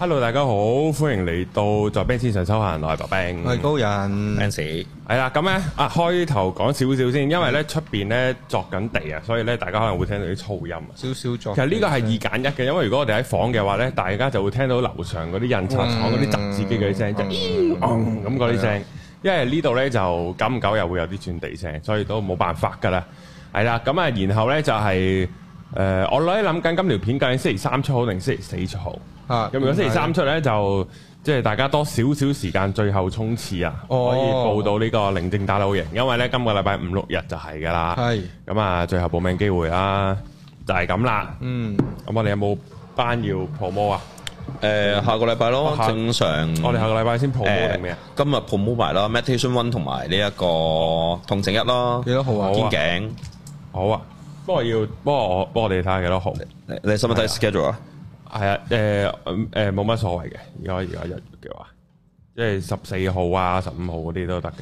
hello，大家好，歡迎嚟到在 Benz 上修行。我係白兵，我係高人，Benz Sir。係啦。咁咧啊，開頭講少少先，因為咧出邊咧鑿緊地啊，所以咧大家可能會聽到啲噪音。少少鑿，其實呢個係二揀一嘅，因為如果我哋喺房嘅話咧，大家就會聽到樓上嗰啲印刷廠嗰啲雜誌機嗰啲聲，就咁嗰啲聲。因為呢度咧就久唔久又會有啲鑽地聲，所以都冇辦法噶啦。係啦，咁啊，然後咧就係誒，我咧諗緊今條片究竟星期三出好定星期四出好？咁如果星期三出咧，就即係大家多少少時間最後衝刺啊，可以報到呢個寧靜打老營。因為咧今個禮拜五六日就係噶啦。係。咁啊，最後報名機會啦，就係咁啦。嗯。咁我哋有冇班要 promo 啊？誒，下個禮拜咯，正常。我哋下個禮拜先 promo 定咩啊？今日 promo 埋咯，Meditation One 同埋呢一個痛症一咯。幾多號啊？肩頸。好啊。不過要幫我幫我哋睇下幾多號？你使唔使睇 schedule 啊？係啊，誒誒冇乜所謂嘅，而家而家日嘅話，即係十四號啊、十五號嗰啲都得嘅。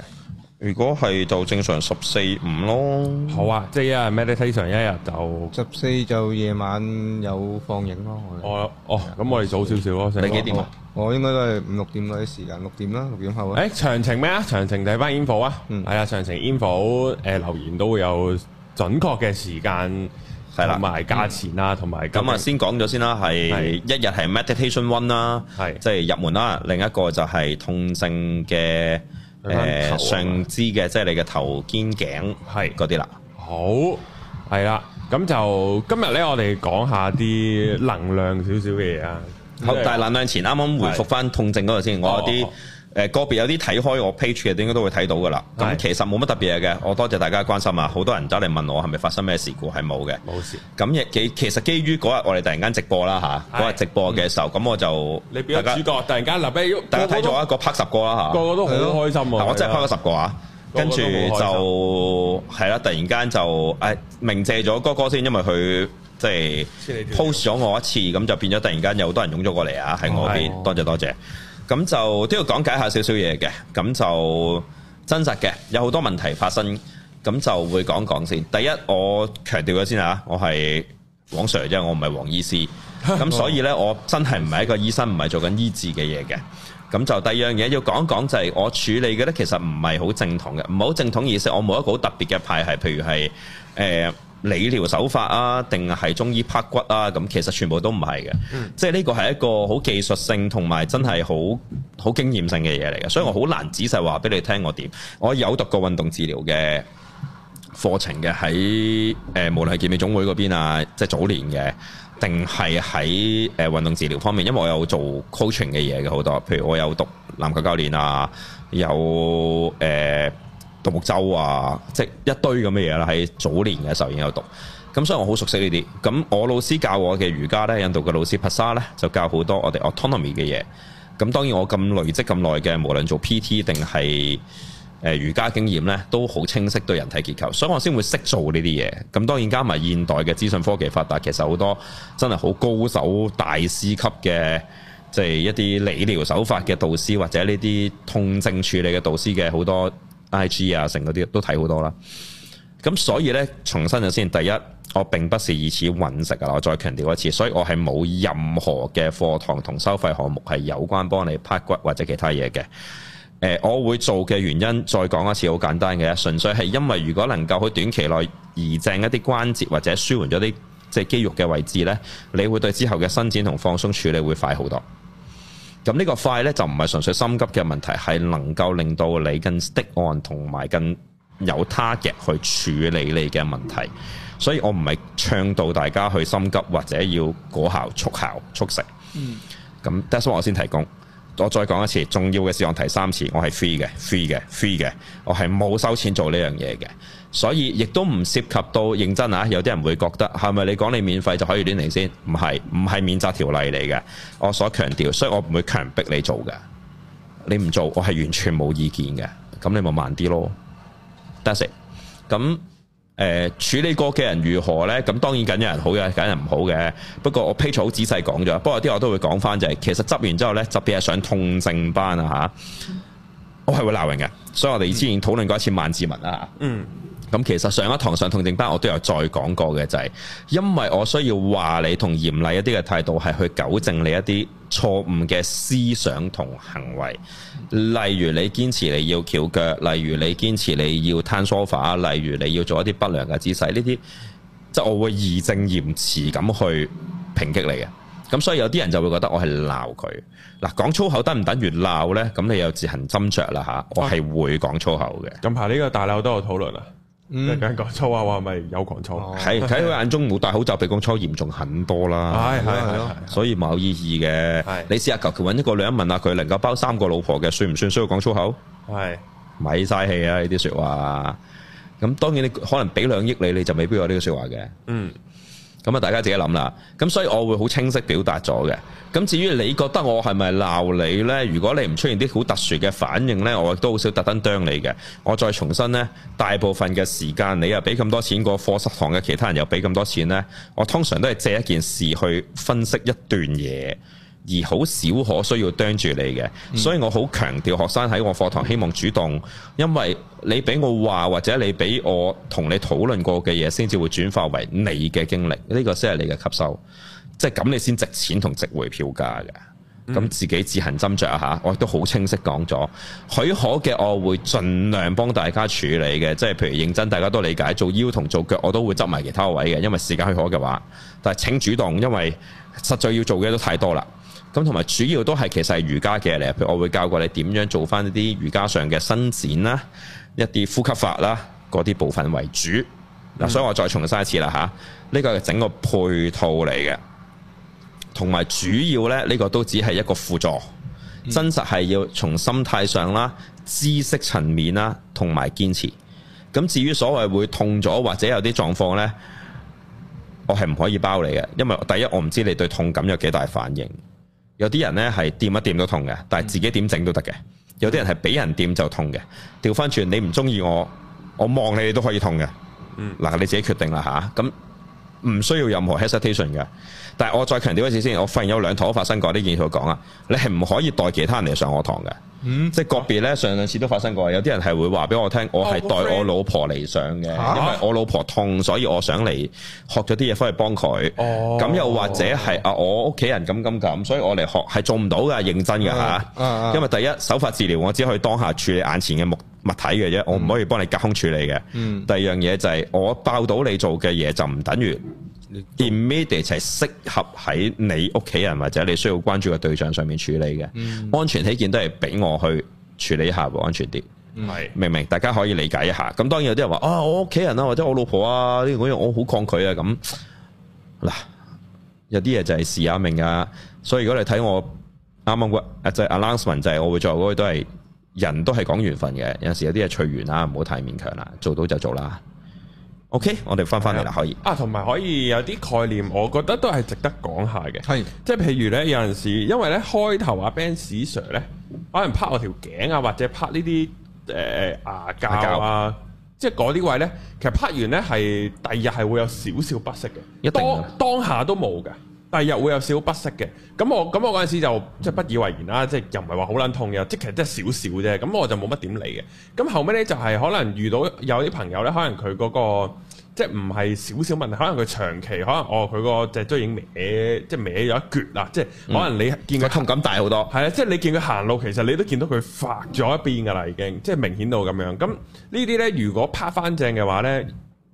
如果係就正常十四、五咯。好啊，即係一日 meditation 一日就十四就夜晚有放映咯。我哦，咁我哋早少少啊，你幾點啊？我應該都係五六點嗰啲時間，六點啦，六點後。誒詳情咩啊？詳情睇翻 info 啊。嗯，係啊，詳情 info 誒、呃、留言都會有準確嘅時間。係啦，同埋價錢啦，同埋咁啊，嗯、先講咗先啦、啊，係是一日係 Meditation One 啦、啊，係即係入門啦、啊。另一個就係痛症嘅誒、啊、上肢嘅，即、就、係、是、你嘅頭肩頸係嗰啲啦。是啊、好，係啦、啊，咁就今日咧，我哋講一下啲能量少少嘅嘢啊。 好，但係能量前啱啱回復返痛症嗰度先，是我有啲。哦哦。誒個別有啲睇開我 page 嘅，應該都會睇到㗎喇。咁其實冇乜特別嘢嘅。我多謝大家關心啊！好多人走嚟問我係咪發生咩事故，係冇嘅。冇事。咁亦其其實基於嗰日我哋突然間直播啦嚇，嗰日直播嘅時候，咁我就你變咗主角，突然間立喺喐。大家睇咗一個拍十個啦嚇。個個都好開心啊！我真係拍咗十個啊！跟住就係啦，突然間就誒鳴謝咗哥哥先，因為佢即係 post 咗我一次，咁就變咗突然間有好多人湧咗過嚟啊！喺我邊，多謝多謝。咁就都要講解下少少嘢嘅，咁就真實嘅，有好多問題發生，咁就會講講先。第一，我強調咗先啊，我係黃 Sir 啫，我唔係黃醫師，咁 所以呢，我真係唔係一個醫生，唔係做緊醫治嘅嘢嘅。咁就第二樣嘢要講講，就係，就係我處理嘅呢，其實唔係好正統嘅，唔好正統意思，我冇一個好特別嘅派系，譬如係誒。呃理療手法啊，定係中醫拍骨啊，咁其實全部都唔係嘅，嗯、即係呢個係一個好技術性同埋真係好好經驗性嘅嘢嚟嘅，所以我好難仔細話俾你聽我點。我有讀過運動治療嘅課程嘅，喺誒、呃、無論係健美總會嗰邊啊，即係早年嘅，定係喺誒運動治療方面，因為我有做 coaching 嘅嘢嘅好多，譬如我有讀籃球教練啊，有誒。呃獨木舟啊，即一堆咁嘅嘢啦。喺早年嘅時候已經有讀，咁所以我好熟悉呢啲。咁我老師教我嘅瑜伽呢，印度嘅老師帕沙呢，就教好多我哋 autonomy 嘅嘢。咁當然我咁累積咁耐嘅，無論做 PT 定係誒瑜伽經驗呢，都好清晰對人體結構，所以我先會識做呢啲嘢。咁當然加埋現代嘅資訊科技發達，其實好多真係好高手大師級嘅，即係一啲理療手法嘅導師或者呢啲痛症處理嘅導師嘅好多。IG 啊，成嗰啲都睇好多啦。咁所以呢，重新就先。第一，我並不是以此揾食㗎喇。我再強調一次，所以我係冇任何嘅課堂同收費項目係有關幫你拍骨或者其他嘢嘅。呃，我會做嘅原因，再講一次，好簡單嘅，純粹係因為如果能夠喺短期內移正一啲關節或者舒緩咗啲即係肌肉嘅位置呢，你會對之後嘅伸展同放鬆處理會快好多。咁呢個快呢，就唔係純粹心急嘅問題，係能夠令到你更的案同埋更有 target 去處理你嘅問題。所以我唔係倡導大家去心急或者要果效速效速成。嗯，咁，thus 我先提供，我再講一次，重要嘅事我提三次，我係 free 嘅，free 嘅，free 嘅，我係冇收錢做呢樣嘢嘅。所以亦都唔涉及到認真啊！有啲人會覺得係咪你講你免費就可以亂嚟先？唔係，唔係免責條例嚟嘅。我所強調，所以我唔會強逼你做嘅。你唔做，我係完全冇意見嘅。咁你咪慢啲咯。得食。咁、呃、誒處理過嘅人如何呢？咁當然緊有人好嘅，緊有人唔好嘅。不過我 Patreon 好仔細講咗。不過有啲我都會講翻就係、是，其實執完之後呢，特別係上痛症班啊吓、啊，我係會鬧人嘅，所以我哋之前討論過一次萬字文啦，嗯。咁其實上一堂上痛症班，我都有再講過嘅，就係因為我需要話你同嚴厲一啲嘅態度，係去糾正你一啲錯誤嘅思想同行為。例如你堅持你要翹腳，例如你堅持你要攤 sofa，例如你要做一啲不良嘅姿勢，呢啲即係我會義正言辭咁去抨擊你嘅。咁所以有啲人就會覺得我係鬧佢。嗱，講粗口得唔等於鬧呢？咁你又自行斟酌啦嚇。我係會講粗口嘅。近排呢個大鬧都有討論啊。嗯，咁講粗話話咪有狂粗，係睇佢眼中冇戴口罩，比講粗嚴重很多啦。係係係，所以冇意義嘅。係 你試下求其揾一個女人問下佢，能夠包三個老婆嘅，算唔算需要講粗口？係咪嘥氣啊？呢啲說話，咁當然你可能俾兩億你，你就未必有呢個說話嘅。嗯。咁啊，大家自己諗啦。咁所以我會好清晰表達咗嘅。咁至於你覺得我係咪鬧你呢？如果你唔出現啲好特殊嘅反應呢，我亦都好少特登啄你嘅。我再重申呢，大部分嘅時間，你又俾咁多錢個課室堂嘅其他人又俾咁多錢呢。我通常都係借一件事去分析一段嘢。而好少可需要啄住你嘅。嗯、所以我好強調學生喺我課堂希望主動，嗯、因為你俾我話或者你俾我同你討論過嘅嘢，先至會轉化為你嘅經歷呢個先係你嘅吸收，即係咁你先值錢同值回票價嘅。咁、嗯、自己自行斟酌吓，我亦都好清晰講咗，許可嘅我會盡量幫大家處理嘅，即係譬如認真大家都理解做腰同做腳我都會執埋其他位嘅，因為時間許可嘅話，但係請主動，因為實在要做嘅都太多啦。咁同埋主要都係其實係瑜伽嘅嚟，譬如我會教過你點樣做翻一啲瑜伽上嘅伸展啦，一啲呼吸法啦，嗰啲部分為主。嗱、嗯，所以我再重申一次啦吓，呢個係整個配套嚟嘅，同埋主要呢，呢、呢個都只係一個輔助，嗯、真實係要從心態上啦、知識層面啦，同埋堅持。咁至於所謂會痛咗或者有啲狀況呢，我係唔可以包你嘅，因為第一我唔知你對痛感有幾大反應。有啲人咧係掂一掂都痛嘅，但係自己點整都得嘅。有啲人係俾人掂就痛嘅。調翻轉，你唔中意我，我望你你都可以痛嘅。嗱、嗯，你自己決定啦吓？咁、啊、唔需要任何 hesitation 嘅。但係我再強調一次先，我發現有兩堂都發生過呢件事。你講啊，你係唔可以代其他人嚟上我堂嘅。嗯、即係個別咧，上兩次都發生過，有啲人係會話俾我聽，我係代我老婆嚟上嘅，哦、因為我老婆痛，所以我想嚟學咗啲嘢翻去幫佢。哦、啊，咁又或者係啊，我屋企人咁咁咁，所以我嚟學係做唔到嘅，認真嘅嚇。嗯、因為第一手法治療，我只可以當下處理眼前嘅目物體嘅啫，我唔可以幫你隔空處理嘅。嗯、第二樣嘢就係、是、我爆到你做嘅嘢，就唔等於。immediate 係適合喺你屋企人或者你需要關注嘅對象上面處理嘅，嗯、安全起見都係俾我去處理一下，安全啲，係、嗯、明唔明？大家可以理解一下。咁當然有啲人話，啊，我屋企人啊，或者我老婆啊呢樣，我好抗拒啊咁。嗱，有啲嘢就係試下命啊。所以如果你睇我啱啱，即係 announcement 就係、是、我會做都係人都係講緣分嘅。有時有啲嘢隨緣啦，唔好太勉強啦、啊，做到就做啦。OK，嗯，我哋翻返嚟啦，可以啊，同埋可以有啲概念，我覺得都係值得講下嘅。係是，即係譬如呢，有陣時，因為呢開頭阿 Benz Sir 呢，可能拍我條頸啊，或者拍呢啲誒牙膠啊，牙膠，即係嗰啲位呢，其實拍完呢係第二日係會有少少不適嘅。一定當下都冇嘅，第二日會有少少不適嘅。咁我咁我嗰陣時就即係不以為然啦，即係又唔係話好撚痛嘅，即係其實真係少少啫。咁我就冇乜點理嘅。咁後尾呢，就係可能遇到有啲朋友呢，可能佢嗰個。即係唔係少少問題？可能佢長期可能哦，佢個脊椎已經歪，即係歪咗一撅啦。即係可能你見佢吸感大好多。係啊，即係你見佢行路，其實你都見到佢發咗一邊嘅啦，已經即係明顯到咁樣。咁呢啲咧，如果拍翻正嘅話咧，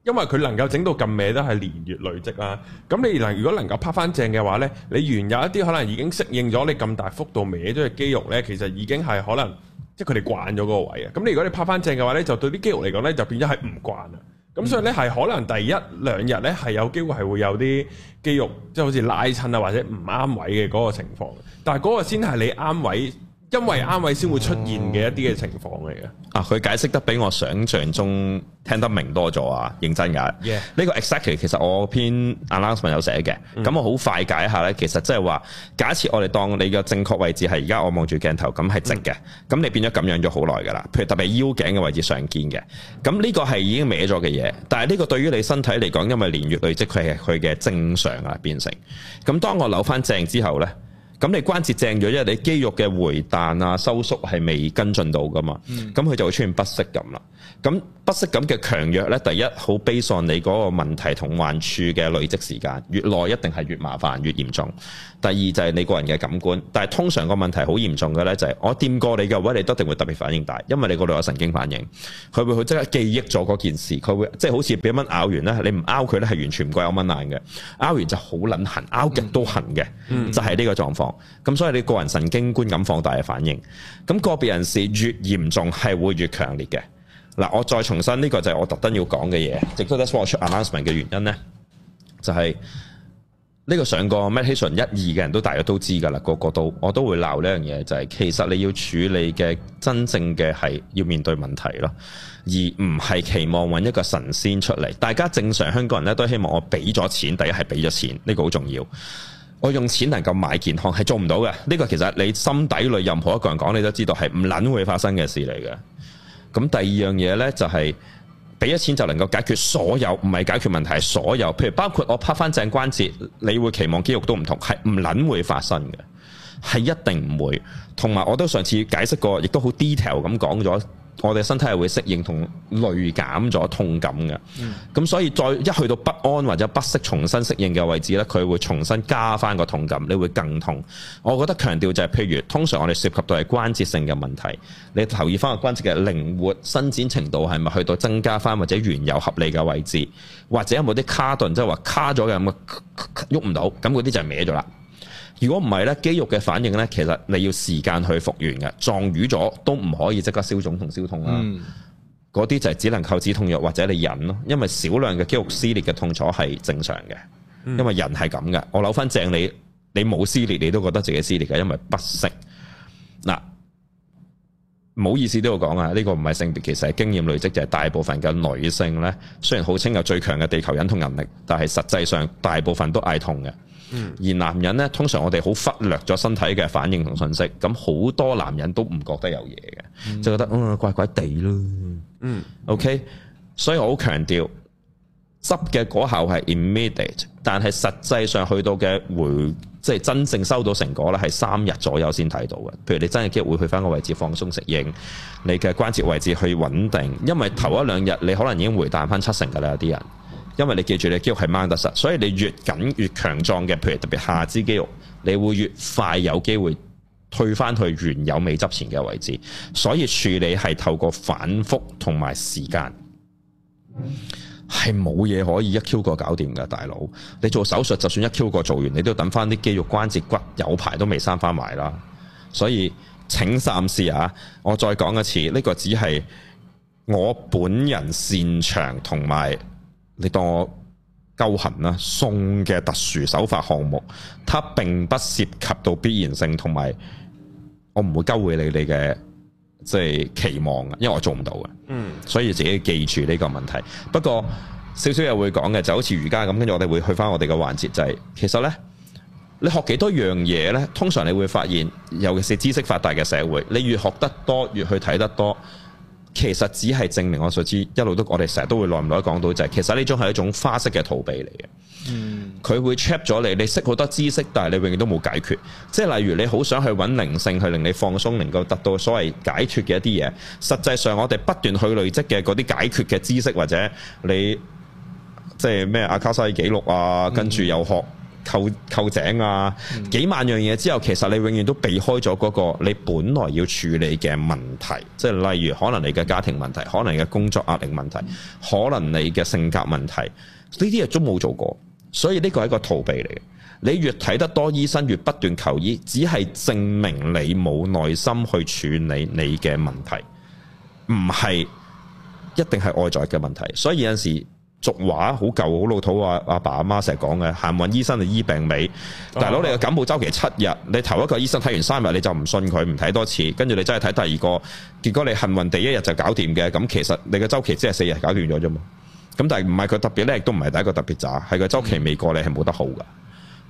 因為佢能夠整到咁歪都係年月累積啦。咁你能如果能夠拍翻正嘅話咧，你原有一啲可能已經適應咗你咁大幅度歪咗嘅肌肉咧，其實已經係可能即係佢哋慣咗嗰個位啊。咁你如果你拍翻正嘅話咧，就對啲肌肉嚟講咧，就變咗係唔慣啊。咁所以咧係、嗯、可能第一兩日咧係有機會係會有啲肌肉，即、就、係、是、好似拉親啊或者唔啱位嘅嗰個情況，但係嗰個先係你啱位。因為啱位先會出現嘅一啲嘅情況嚟嘅。啊，佢解釋得比我想象中聽得明多咗啊，認真噶。呢 Yeah. 個 exactly 其實我篇 announcement 有寫嘅，咁、mm. 我好快解一下呢，其實即係話，假設我哋當你嘅正確位置係而家我望住鏡頭，咁係直嘅，咁、mm. 你變咗咁樣咗好耐噶啦。譬如特別腰頸嘅位置常見嘅，咁呢個係已經歪咗嘅嘢。但係呢個對於你身體嚟講，因為年月累積佢係佢嘅正常啊，變成。咁當我扭翻正之後呢。咁你關節正咗，因為你肌肉嘅回彈啊、收縮係未跟進到㗎嘛，咁佢、嗯、就會出現不適感啦。咁不適感嘅強弱呢？第一好悲喪你嗰個問題同患處嘅累積時間越耐一定係越麻煩越嚴重。第二就係你個人嘅感官，但係通常個問題好嚴重嘅呢，就係我掂過你嘅，位，你一定會特別反應大，因為你嗰度有神經反應，佢會去即刻記憶咗嗰件事，佢會即係好似俾蚊咬完呢，你唔咬佢呢，係完全唔怪有蚊咬嘅，咬完就好撚痕，咬極都痕嘅，就係呢個狀況。咁所以你個人神經觀感放大嘅反應，咁個別人士越嚴重係會越強烈嘅。嗱，我再重申，呢、這個就係我特登要講嘅嘢，亦都係我出 announcement 嘅原因呢，就係、是、呢、這個上過 Meditation 一二嘅人都，大約都知噶啦，個個都我都會鬧呢樣嘢，就係、是、其實你要處理嘅真正嘅係要面對問題咯，而唔係期望揾一個神仙出嚟。大家正常香港人呢，都希望我俾咗錢，第一係俾咗錢，呢、這個好重要。我用錢能夠買健康係做唔到嘅，呢、這個其實你心底裏任何一個人講你都知道係唔撚會發生嘅事嚟嘅。咁第二樣嘢呢、就係，就係俾咗錢就能夠解決所有，唔係解決問題，係所有。譬如包括我拍翻正關節，你會期望肌肉都唔同，係唔撚會發生嘅，係一定唔會。同埋我都上次解釋過，亦都好 detail 咁講咗。我哋身體係會適應同累減咗痛感嘅，咁所以再一去到不安或者不適重新適應嘅位置咧，佢會重新加翻個痛感，你會更痛。我覺得強調就係，譬如通常我哋涉及到係關節性嘅問題，你留意翻個關節嘅靈活伸展程度係咪去到增加翻或者原有合理嘅位置，或者有冇啲卡頓即係話卡咗嘅咁嘅喐唔到，咁嗰啲就係歪咗啦。如果唔係呢，肌肉嘅反應呢，其實你要時間去復原嘅。撞瘀咗都唔可以即刻消腫同消痛啦。嗰啲、嗯、就係只能靠止痛藥或者你忍咯。因為少量嘅肌肉撕裂嘅痛楚係正常嘅，嗯、因為人係咁嘅。我扭翻正你，你冇撕裂你都覺得自己撕裂嘅，因為不適。嗱，唔好意思都要講啊！呢、呢個唔係性別，其實係經驗累積，就係大部分嘅女性呢，雖然號稱有最強嘅地球忍痛能力，但係實際上大部分都嗌痛嘅。而男人呢，通常我哋好忽略咗身體嘅反應同信息，咁好多男人都唔覺得有嘢嘅，嗯、就覺得啊、呃、怪怪地咯。嗯，OK，所以我好強調執嘅效果係 immediate，但係實際上去到嘅回即係真正收到成果呢，係三日左右先睇到嘅。譬如你真係會去翻個位置放鬆適應你嘅關節位置去穩定，因為頭一兩日你可能已經回彈翻七成噶啦，有啲人。因為你記住，你肌肉係掹得實，所以你越緊越強壯嘅，譬如特別下肢肌肉，你會越快有機會退翻去原有未執前嘅位置。所以處理係透過反覆同埋時間，係冇嘢可以一 Q 個搞掂嘅，大佬。你做手術就算一 Q 個做完，你都等翻啲肌肉關節骨有排都未生翻埋啦。所以請三思啊！我再講一次，呢個只係我本人擅長同埋。你當我鳩痕啦，送嘅特殊手法項目，它並不涉及到必然性，同埋我唔會勾回你哋嘅即期望啊，因為我做唔到嘅。嗯，所以自己記住呢個問題。不過少少、嗯、又會講嘅，就好似瑜伽咁，跟住我哋會去翻我哋嘅環節，就係、是、其實呢，你學幾多樣嘢呢？通常你會發現，尤其是知識發達嘅社會，你越學得多，越去睇得多。其實只係證明我所知，一路都我哋成日都會耐唔耐講到就係、是，其實呢種係一種花式嘅逃避嚟嘅。嗯，佢會 trap 咗你，你識好多知識，但係你永遠都冇解決。即係例如你好想去揾靈性去令你放鬆，能夠得到所謂解脫嘅一啲嘢。實際上我哋不斷去累積嘅嗰啲解決嘅知識，或者你即係咩阿卡西記錄啊，跟住、嗯、又學。扣扣井啊，幾萬樣嘢之後，其實你永遠都避開咗嗰個你本來要處理嘅問題，即係例如可能你嘅家庭問題，可能你嘅工作壓力問題，可能你嘅性格問題，呢啲嘢都冇做過，所以呢個係一個逃避嚟嘅。你越睇得多醫生，越不斷求醫，只係證明你冇耐心去處理你嘅問題，唔係一定係外在嘅問題，所以有陣時。俗話好舊好老土啊！阿爸阿媽成日講嘅，行運醫生就醫病尾。啊、大佬，你嘅感冒周期七日，你頭一個醫生睇完三日你就唔信佢，唔睇多次，跟住你真係睇第二個，結果你幸運第一日就搞掂嘅。咁其實你嘅周期只係四日搞掂咗啫嘛。咁但係唔係佢特別叻，都唔係第一個特別渣，係個周期未過你係冇得好噶。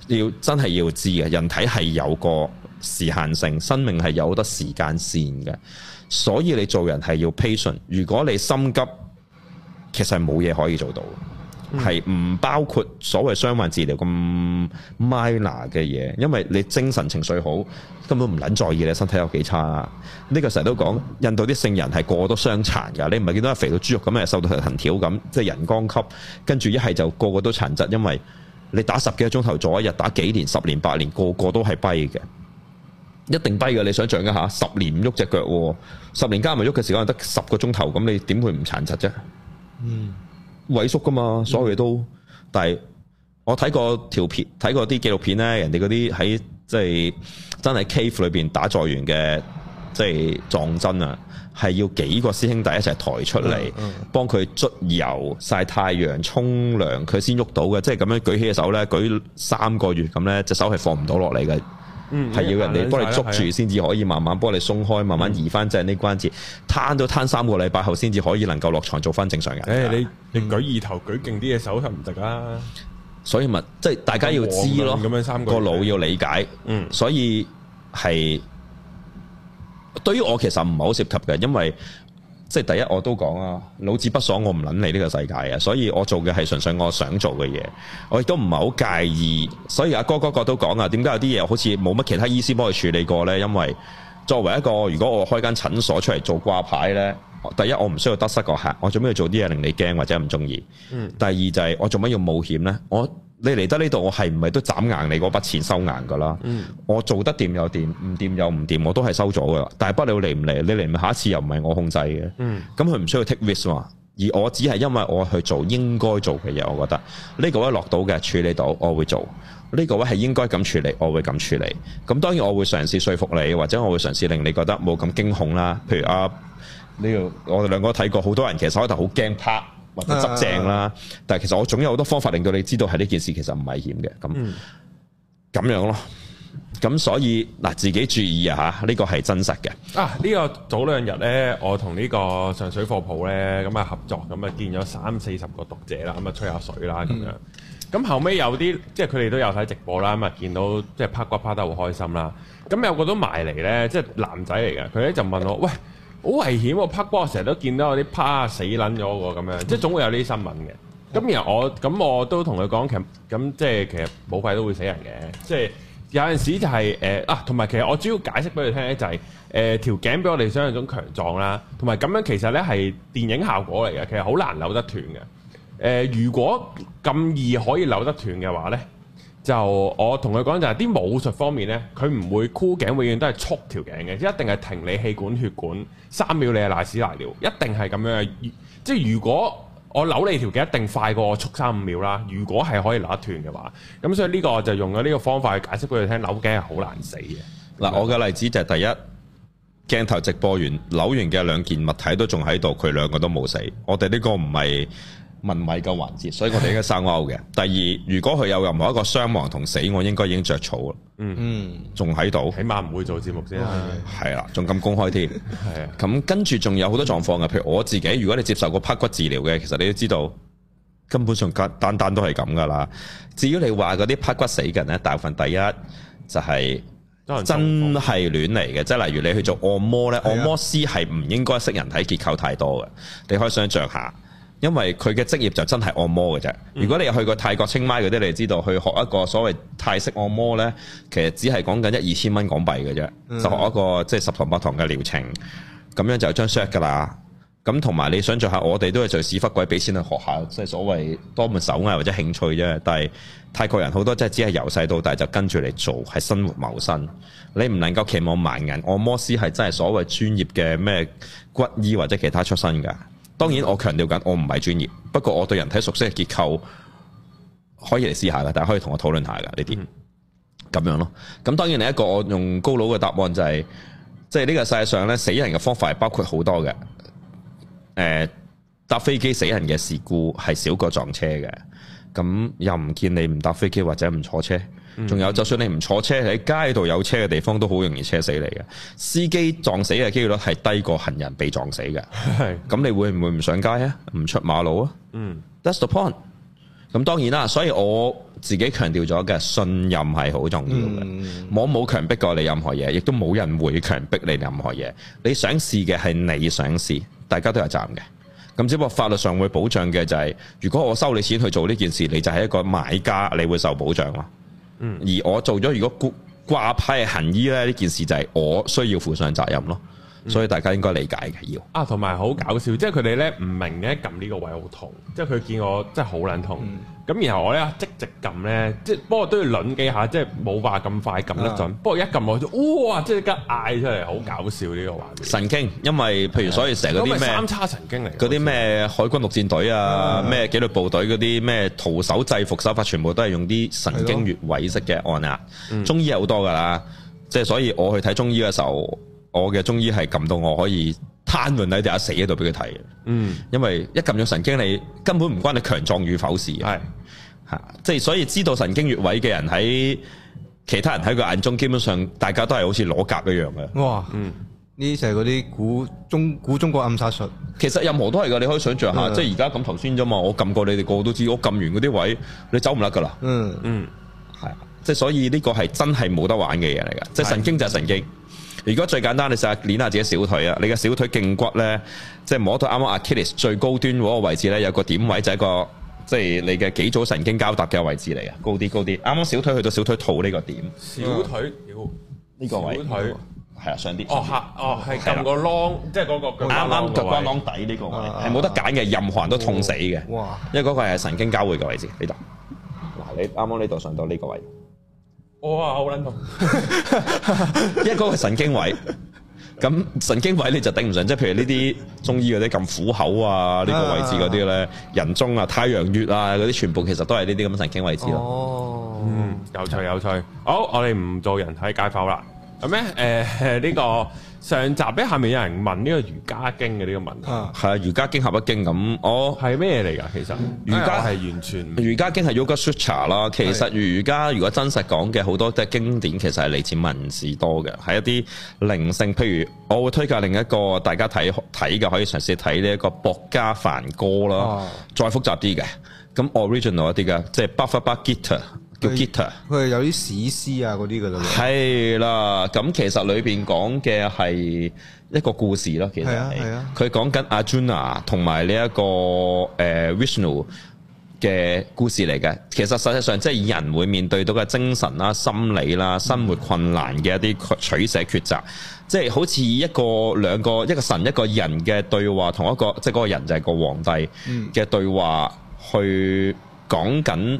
要真係要知嘅，人體係有個時限性，生命係有好多時間線嘅。所以你做人係要 patient。如果你心急，其實冇嘢可以做到，係唔、嗯、包括所謂傷患治療咁 minor 嘅嘢，因為你精神情緒好，根本唔撚在意你身體有幾差呢、嗯、個成日都講印度啲聖人係個個都傷殘噶，你唔係見到阿肥到豬肉咁，又瘦到條藤條咁，即係人光級跟住一係就個個都殘疾，因為你打十幾個鐘頭坐一日，打幾年、十年、八年，個個都係跛嘅，一定跛嘅。你想象一下，十年唔喐隻腳，十年加埋喐嘅時間得十個鐘頭，咁你點會唔殘疾啫？嗯，萎縮噶嘛，所有嘢都。嗯、但係我睇過條片，睇過啲紀錄片呢，人哋嗰啲喺即係真係 cave 裏邊打坐完嘅，即係撞針啊，係要幾個師兄弟一齊抬出嚟，幫佢捽油曬太陽沖涼，佢先喐到嘅。即係咁樣舉起隻手呢，舉三個月咁呢，隻手係放唔到落嚟嘅。嗯，係要人哋幫你捉住，先至可以慢慢幫你鬆開，嗯、慢慢移翻正啲關節，攤都攤三個禮拜後，先至可以能夠落牀做翻正常嘅。誒、欸，的你你舉二頭、嗯、舉勁啲嘅手係唔得啦。所以咪即係大家要知咯，咁樣三個腦要理解。嗯，所以係對於我其實唔係好適合嘅，因為。即第一，我都講啊，老子不爽，我唔撚理呢個世界啊，所以我做嘅係純粹我想做嘅嘢，我亦都唔係好介意。所以阿哥嗰個都講啊，點解有啲嘢好似冇乜其他醫師幫佢處理過呢？因為作為一個，如果我開間診所出嚟做掛牌呢。第一，我唔需要得失個客，我做咩要做啲嘢令你驚或者唔中意？嗯、第二就係、是、我做乜要冒險呢？我你嚟得呢度，我係唔係都斬硬你嗰筆錢收硬噶啦？嗯、我做得掂又掂，唔掂又唔掂，我都係收咗噶。但係不理你嚟唔嚟？你嚟，唔嚟，下一次又唔係我控制嘅。咁佢唔需要 take risk 嘛？而我只係因為我去做應該做嘅嘢，我覺得呢、這個位落到嘅處理到，我會做呢、這個位係應該咁處理，我會咁處理。咁當然我會嘗試說服你，或者我會嘗試令你覺得冇咁驚恐啦。譬如阿、啊。呢度，我哋兩個睇過，好多人其實喺度好驚拋或者執正啦。啊、但係其實我總有好多方法令到你知道係呢件事其實唔危險嘅。咁咁、嗯、樣咯。咁所以嗱，自己注意啊吓，呢個係真實嘅。啊，呢、呢個早兩日咧，我同呢個上水貨鋪咧咁啊合作，咁啊見咗三四十個讀者啦，咁啊吹下水啦咁樣。咁、嗯、後尾有啲即係佢哋都有睇直播啦，咁啊見到即係拋瓜拋得好開心啦。咁有個都埋嚟咧，即、就、係、係、男仔嚟嘅，佢咧就問我：喂！好危險喎、啊，拍波成日都見到有啲趴死撚咗個咁樣，即係總會有呢啲新聞嘅。咁、嗯、然後我咁我都同佢講其咁即係其實冇計都會死人嘅，即係有陣時就係、是、誒、呃、啊同埋其實我主要解釋俾佢聽咧，就係誒條頸比我哋想象中強壯啦，同埋咁樣其實咧係電影效果嚟嘅，其實好難扭得斷嘅。誒、呃、如果咁易可以扭得斷嘅話咧？就我同佢講就係啲武術方面呢，佢唔會箍頸，永遠都係束條頸嘅，即一定係停你氣管血管三秒，你係瀨屎瀨尿，一定係咁樣。即係如果我扭你條頸，一定快過我縮三五秒啦。如果係可以扭一斷嘅話，咁所以呢個就用咗呢個方法去解釋俾佢聽，扭頸係好難死嘅。嗱，我嘅例子就係第一鏡頭直播完扭完嘅兩件物體都仲喺度，佢兩個都冇死。我哋呢個唔係。文米嘅環節，所以我哋應該生勾嘅。第二，如果佢有任何一個傷亡同死，我應該已經着草啦。嗯嗯，仲喺度，起碼唔會做節目先。係啦， 仲咁公開添。係啊 的，咁跟住仲有好多狀況嘅，譬如我自己，如果你接受過拍骨治療嘅，其實你都知道，根本上單單單都係咁㗎喇。至於你話嗰啲拍骨死嘅人咧，大部分第一就係真係亂嚟嘅，即係例如你去做按摩咧，按摩師係唔應該識人體結構太多嘅，你可以想像下。因為佢嘅職業就真係按摩嘅啫。如果你去過泰國清邁嗰啲，你知道去學一個所謂泰式按摩呢，其實只係講緊一二千蚊港幣嘅啫，嗯、就學一個即係、就是、十堂八堂嘅療程，咁樣就係張 shot 㗎啦。咁同埋你想做下我，我哋都係做屎忽鬼，俾錢去學下，即係所謂多門手藝或者興趣啫。但係泰國人好多真係只係由細到大就跟住嚟做，係生活謀生。你唔能夠期望盲人按摩師係真係所謂專業嘅咩骨醫或者其他出身㗎。當然，我強調緊，我唔係專業，不過我對人體熟悉嘅結構可以嚟試下㗎，大家可以同我討論下㗎呢啲，咁、嗯、樣咯。咁當然另一個我用高佬嘅答案就係、是，即係呢個世界上咧死人嘅方法係包括好多嘅。搭、呃、飛機死人嘅事故係少過撞車嘅，咁又唔見你唔搭飛機或者唔坐車。仲有，就算你唔坐車喺街度，有車嘅地方都好容易車死你，嘅司機撞死嘅幾率係低過行人被撞死嘅。係咁的，你會唔會唔上街啊？唔出馬路啊？嗯，that's the point。咁當然啦，所以我自己強調咗嘅信任係好重要嘅。嗯、我冇強迫過你任何嘢，亦都冇人會強迫你任何嘢。你想試嘅係你想試，大家都係站嘅。咁只不過法律上會保障嘅就係、是，如果我收你錢去做呢件事，你就係一個買家，你會受保障咯。嗯，而我做咗如果掛牌行醫咧，呢件事就係我需要負上責任咯，嗯、所以大家應該理解嘅要。啊，同埋好搞笑，嗯、即係佢哋咧唔明咧，撳呢個位好痛，即係佢見我真係好撚痛。嗯。咁然後我咧即直撳咧，即不過都要攣幾下，即冇話咁快撳得準。嗯、不過一撳落去，哇！即刻嗌出嚟，好搞笑呢、呢個神經。因為譬如所以成日啲咩三叉神經嚟，嗰啲咩海軍陸戰隊啊，咩、嗯、紀律部隊嗰啲咩徒手制服手法，全部都係用啲神經穴位式嘅按壓。嗯、中醫有好多噶啦，即所以我去睇中醫嘅時候。我嘅中醫係撳到我可以癱瘓喺地下死喺度俾佢睇，嗯，因為一撳咗神經，你根本唔關你強壯與否事，係吓，即係所以知道神經穴位嘅人喺其他人喺佢眼中，基本上大家都係好似裸甲一樣嘅。哇，嗯，呢就係嗰啲古中古中國暗殺術，其實任何都係噶，你可以想象下，即係而家咁頭先啫嘛，我撳過你哋個個都知，我撳完嗰啲位，你走唔甩噶啦，嗯嗯，係啊，即係所以呢個係真係冇得玩嘅嘢嚟噶，即係神經就係神經。如果最簡單，你試下鍛下自己小腿啊！你嘅小腿勁骨咧，即係摸到啱啱 Achilles 最高端嗰個位置咧，有個點位就係、是、個即係、就是、你嘅幾組神經交搭嘅位置嚟啊！高啲高啲，啱啱小腿去到小腿肚呢個點。小腿，呢個位。小腿，係啊，上啲。哦嚇，哦係撳個窿，即係嗰個。啱啱腳關窿底呢個位，係冇得揀嘅，任何人都痛死嘅。哇！因為嗰個係神經交匯嘅位置，呢度。嗱， 你啱啱呢度上到呢個位。哇好撚痛，因為嗰個神經位，咁神經位你就頂唔順，即係譬如呢啲中醫嗰啲撳虎口啊，呢個位置嗰啲咧，人中啊、太陽穴啊嗰啲，全部其實都係呢啲咁神經位置咯。哦，嗯，有趣有趣，好，我哋唔做人體解剖啦，咁咧，誒，呢個。上集咧，下面有人問呢個瑜伽經嘅呢個問題，係啊，啊，瑜伽經合一經咁，我係咩嚟㗎？其實瑜伽係完全瑜伽經係 Yoga Sutra 啦。其實瑜伽如果真實講嘅好多即係經典，其實係嚟自文字多嘅，係一啲靈性。譬如我會推介另一個大家睇睇嘅，可以嘗試睇呢一個博家梵歌啦，啊、再複雜啲嘅，咁 original 一啲嘅，即、就、係、是、Bhagavad Gita。佢係有啲史詩啊，嗰啲噶啦，係啦。咁其實裏邊講嘅係一個故事咯，其實係。佢講緊阿朱娜同埋呢一個誒、呃、Vishnu 嘅故事嚟嘅。其實實際上即係人會面對到嘅精神啦、心理啦、生活困難嘅一啲取捨抉擇，即係的好似一個兩個一個神一個人嘅對話，同一個即係嗰個人就係個皇帝嘅對話，嗯、去講緊。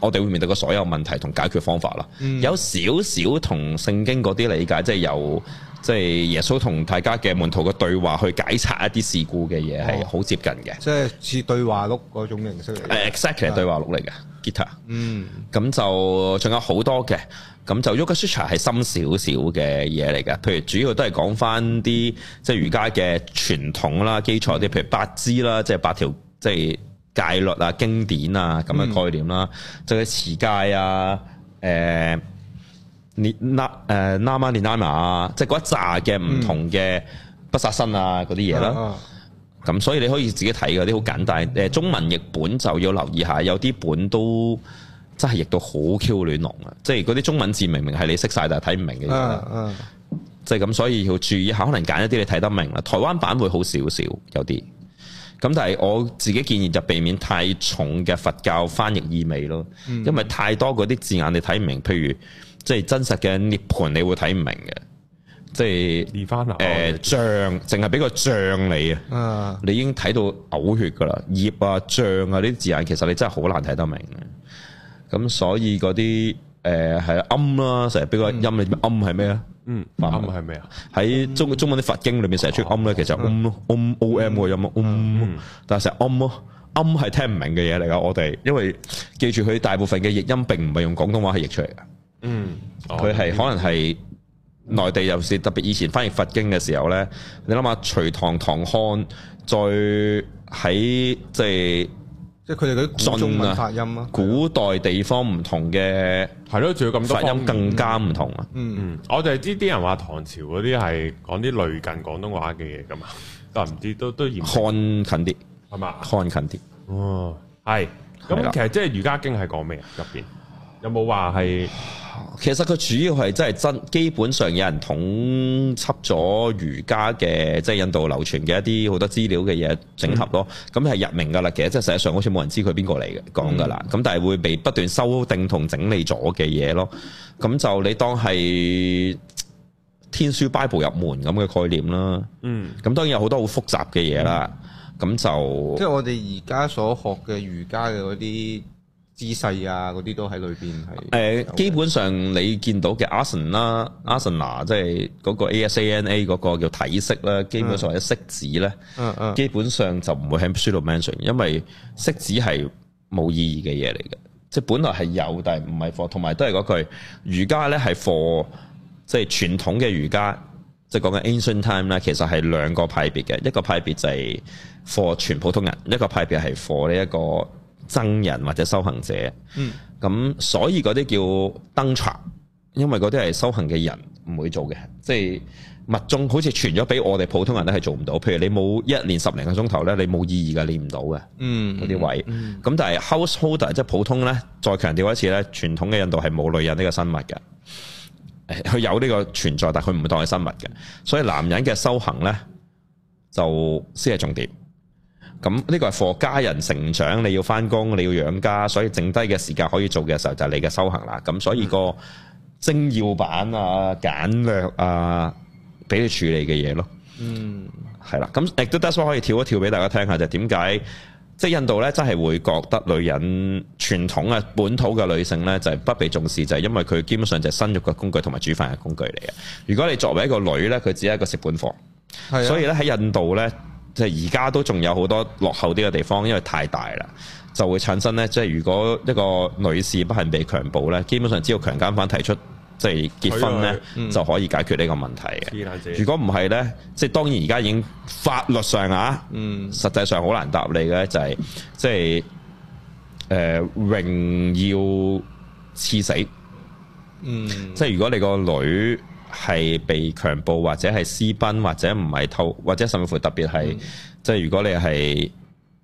我哋會面對嘅所有問題同解決方法啦，嗯、有少少同聖經嗰啲理解，即係由即係耶穌同大家嘅門徒嘅對話去解拆一啲事故嘅嘢係好接近嘅，即係似對話錄嗰種形式嚟。誒，exactly 對話錄嚟嘅 Gita 嗯，咁就仲有好多嘅，咁就 Yoga Sutra 係深少少嘅嘢嚟嘅，譬如主要都係講翻啲即係瑜伽嘅傳統啦、基礎啲，嗯，譬如八支啦，即係八條，即係。戒律啊、經典啊咁嘅概念啦，就係持戒啊、誒念那誒那嘛念那嘛啊，即係嗰一揸嘅唔同嘅不殺生啊嗰啲嘢啦。咁所以你可以自己睇嗰啲好簡單，誒中文譯本就要留意下，有啲本都真係譯到好 Q 亂龍啊！即係嗰啲中文字明明係你識晒，但係睇唔明嘅嘢。即係咁，所以要注意下，可能揀一啲你睇得明啦。台灣版會好少少少，有啲。咁但係我自己建議就避免太重嘅佛教翻譯意味咯，嗯、因為太多嗰啲字眼你睇唔明，譬如即係真實嘅涅槃，你會睇唔明嘅，即係涅翻啊誒醬，淨係俾個「像」你，你啊，你已經睇到嘔血㗎喇，「葉」啊「像」啊呢啲字眼其實你真係好難睇得明嘅，咁所以嗰啲誒係啊暗啦，成日俾個「音」你，嗯，暗，暗係咩咧？嗯，唞係咩啊？喺、嗯、中中文啲佛經裏面成日出唞咧，哦、其實唞咯、嗯，唞 O M 個音，但係成日唞咯，音係聽唔明嘅嘢嚟噶。我哋因為記住佢大部分嘅譯音，並唔係用廣東話係譯出嚟噶。嗯，佢、哦、係是、嗯、可能係內地又是特別以前翻譯佛經嘅時候咧，你諗下隋唐唐漢，再喺、就是、即係即係佢哋嗰啲，古中文發音啊，古代地方唔同嘅。係咯，仲要咁多發音更加唔同啊！嗯嗯，嗯我就係知啲人話唐朝嗰啲係講啲類近廣東話嘅嘢噶嘛，但唔知都都嚴，看近啲係嘛？看近啲，吧看近啲。哦，係。咁其實即係《瑜伽經》係講咩啊？入邊有冇話係？其實佢主要係真係真，基本上有人統輯咗瑜伽嘅，即係印度流傳嘅一啲好多資料嘅嘢整合咯。咁係入名噶啦，其實即係實際上好似冇人知佢邊個嚟講噶啦。咁、嗯、但係會被不斷修訂同整理咗嘅嘢咯。咁、嗯嗯、就你當係天書 Bible 入門咁嘅概念啦。嗯。咁當然有好多好複雜嘅嘢啦。咁、嗯、就即係我哋而家所學嘅瑜伽嘅嗰啲。姿勢啊，嗰啲都喺裏邊係。誒、呃，基本上你見到嘅阿森啦、嗯、阿森拿，即係嗰個 ASANA 嗰個叫體式啦，基本上或一式子咧，嗯嗯，基本上就唔會喺書度 mention，因為式子係冇意義嘅嘢嚟嘅，即係本來係有，但係唔係 for。同埋都係嗰句，瑜伽咧係 for，for，即係傳統嘅瑜伽，即係講緊 ancient time 啦，其實係兩個派別嘅，一個派別就係 for 全普通人，一個派別係 for 呢一個。僧人或者修行者，咁、嗯、所以嗰啲叫登場，因為嗰啲係修行嘅人唔會做嘅，即係密宗好似傳咗俾我哋普通人都係做唔到，譬如你冇一年十零個鐘頭咧，你冇意義噶，練唔到嘅，嗯，嗰啲位，咁、嗯、但係 householder 即係普通咧，再強調一次咧，傳統嘅印度係冇女人呢個生物嘅，佢有呢個存在，但係佢唔會當係生物嘅，所以男人嘅修行咧就先係重點。咁呢個係扶家人成長，你要翻工，你要養家，所以剩低嘅時間可以做嘅時候就係你嘅修行啦。咁所以個精要版啊、簡略啊，俾你處理嘅嘢咯。嗯，係啦。咁亦都得可以跳一跳俾大家聽下，就點解即係印度咧，真係會覺得女人傳統啊、本土嘅女性咧，就係不被重視，就係因為佢基本上就係生育嘅工具同埋煮飯嘅工具嚟嘅。如果你作為一個女咧，佢只係一個食飯貨，所以咧喺印度咧。即係而家都仲有好多落後啲嘅地方，因為太大啦，就會產生呢。即係如果一個女士不幸被強暴呢，基本上只要強姦犯提出即係結婚呢，嗯、就可以解決呢個問題嘅。如果唔係呢，即係當然而家已經法律上啊，嗯、實際上好難答你嘅就係、是、即係誒，榮、呃、耀賜死。嗯，即係如果你個女。係被強暴或者係私奔或者唔係偷或者甚至乎特別係，嗯、即係如果你係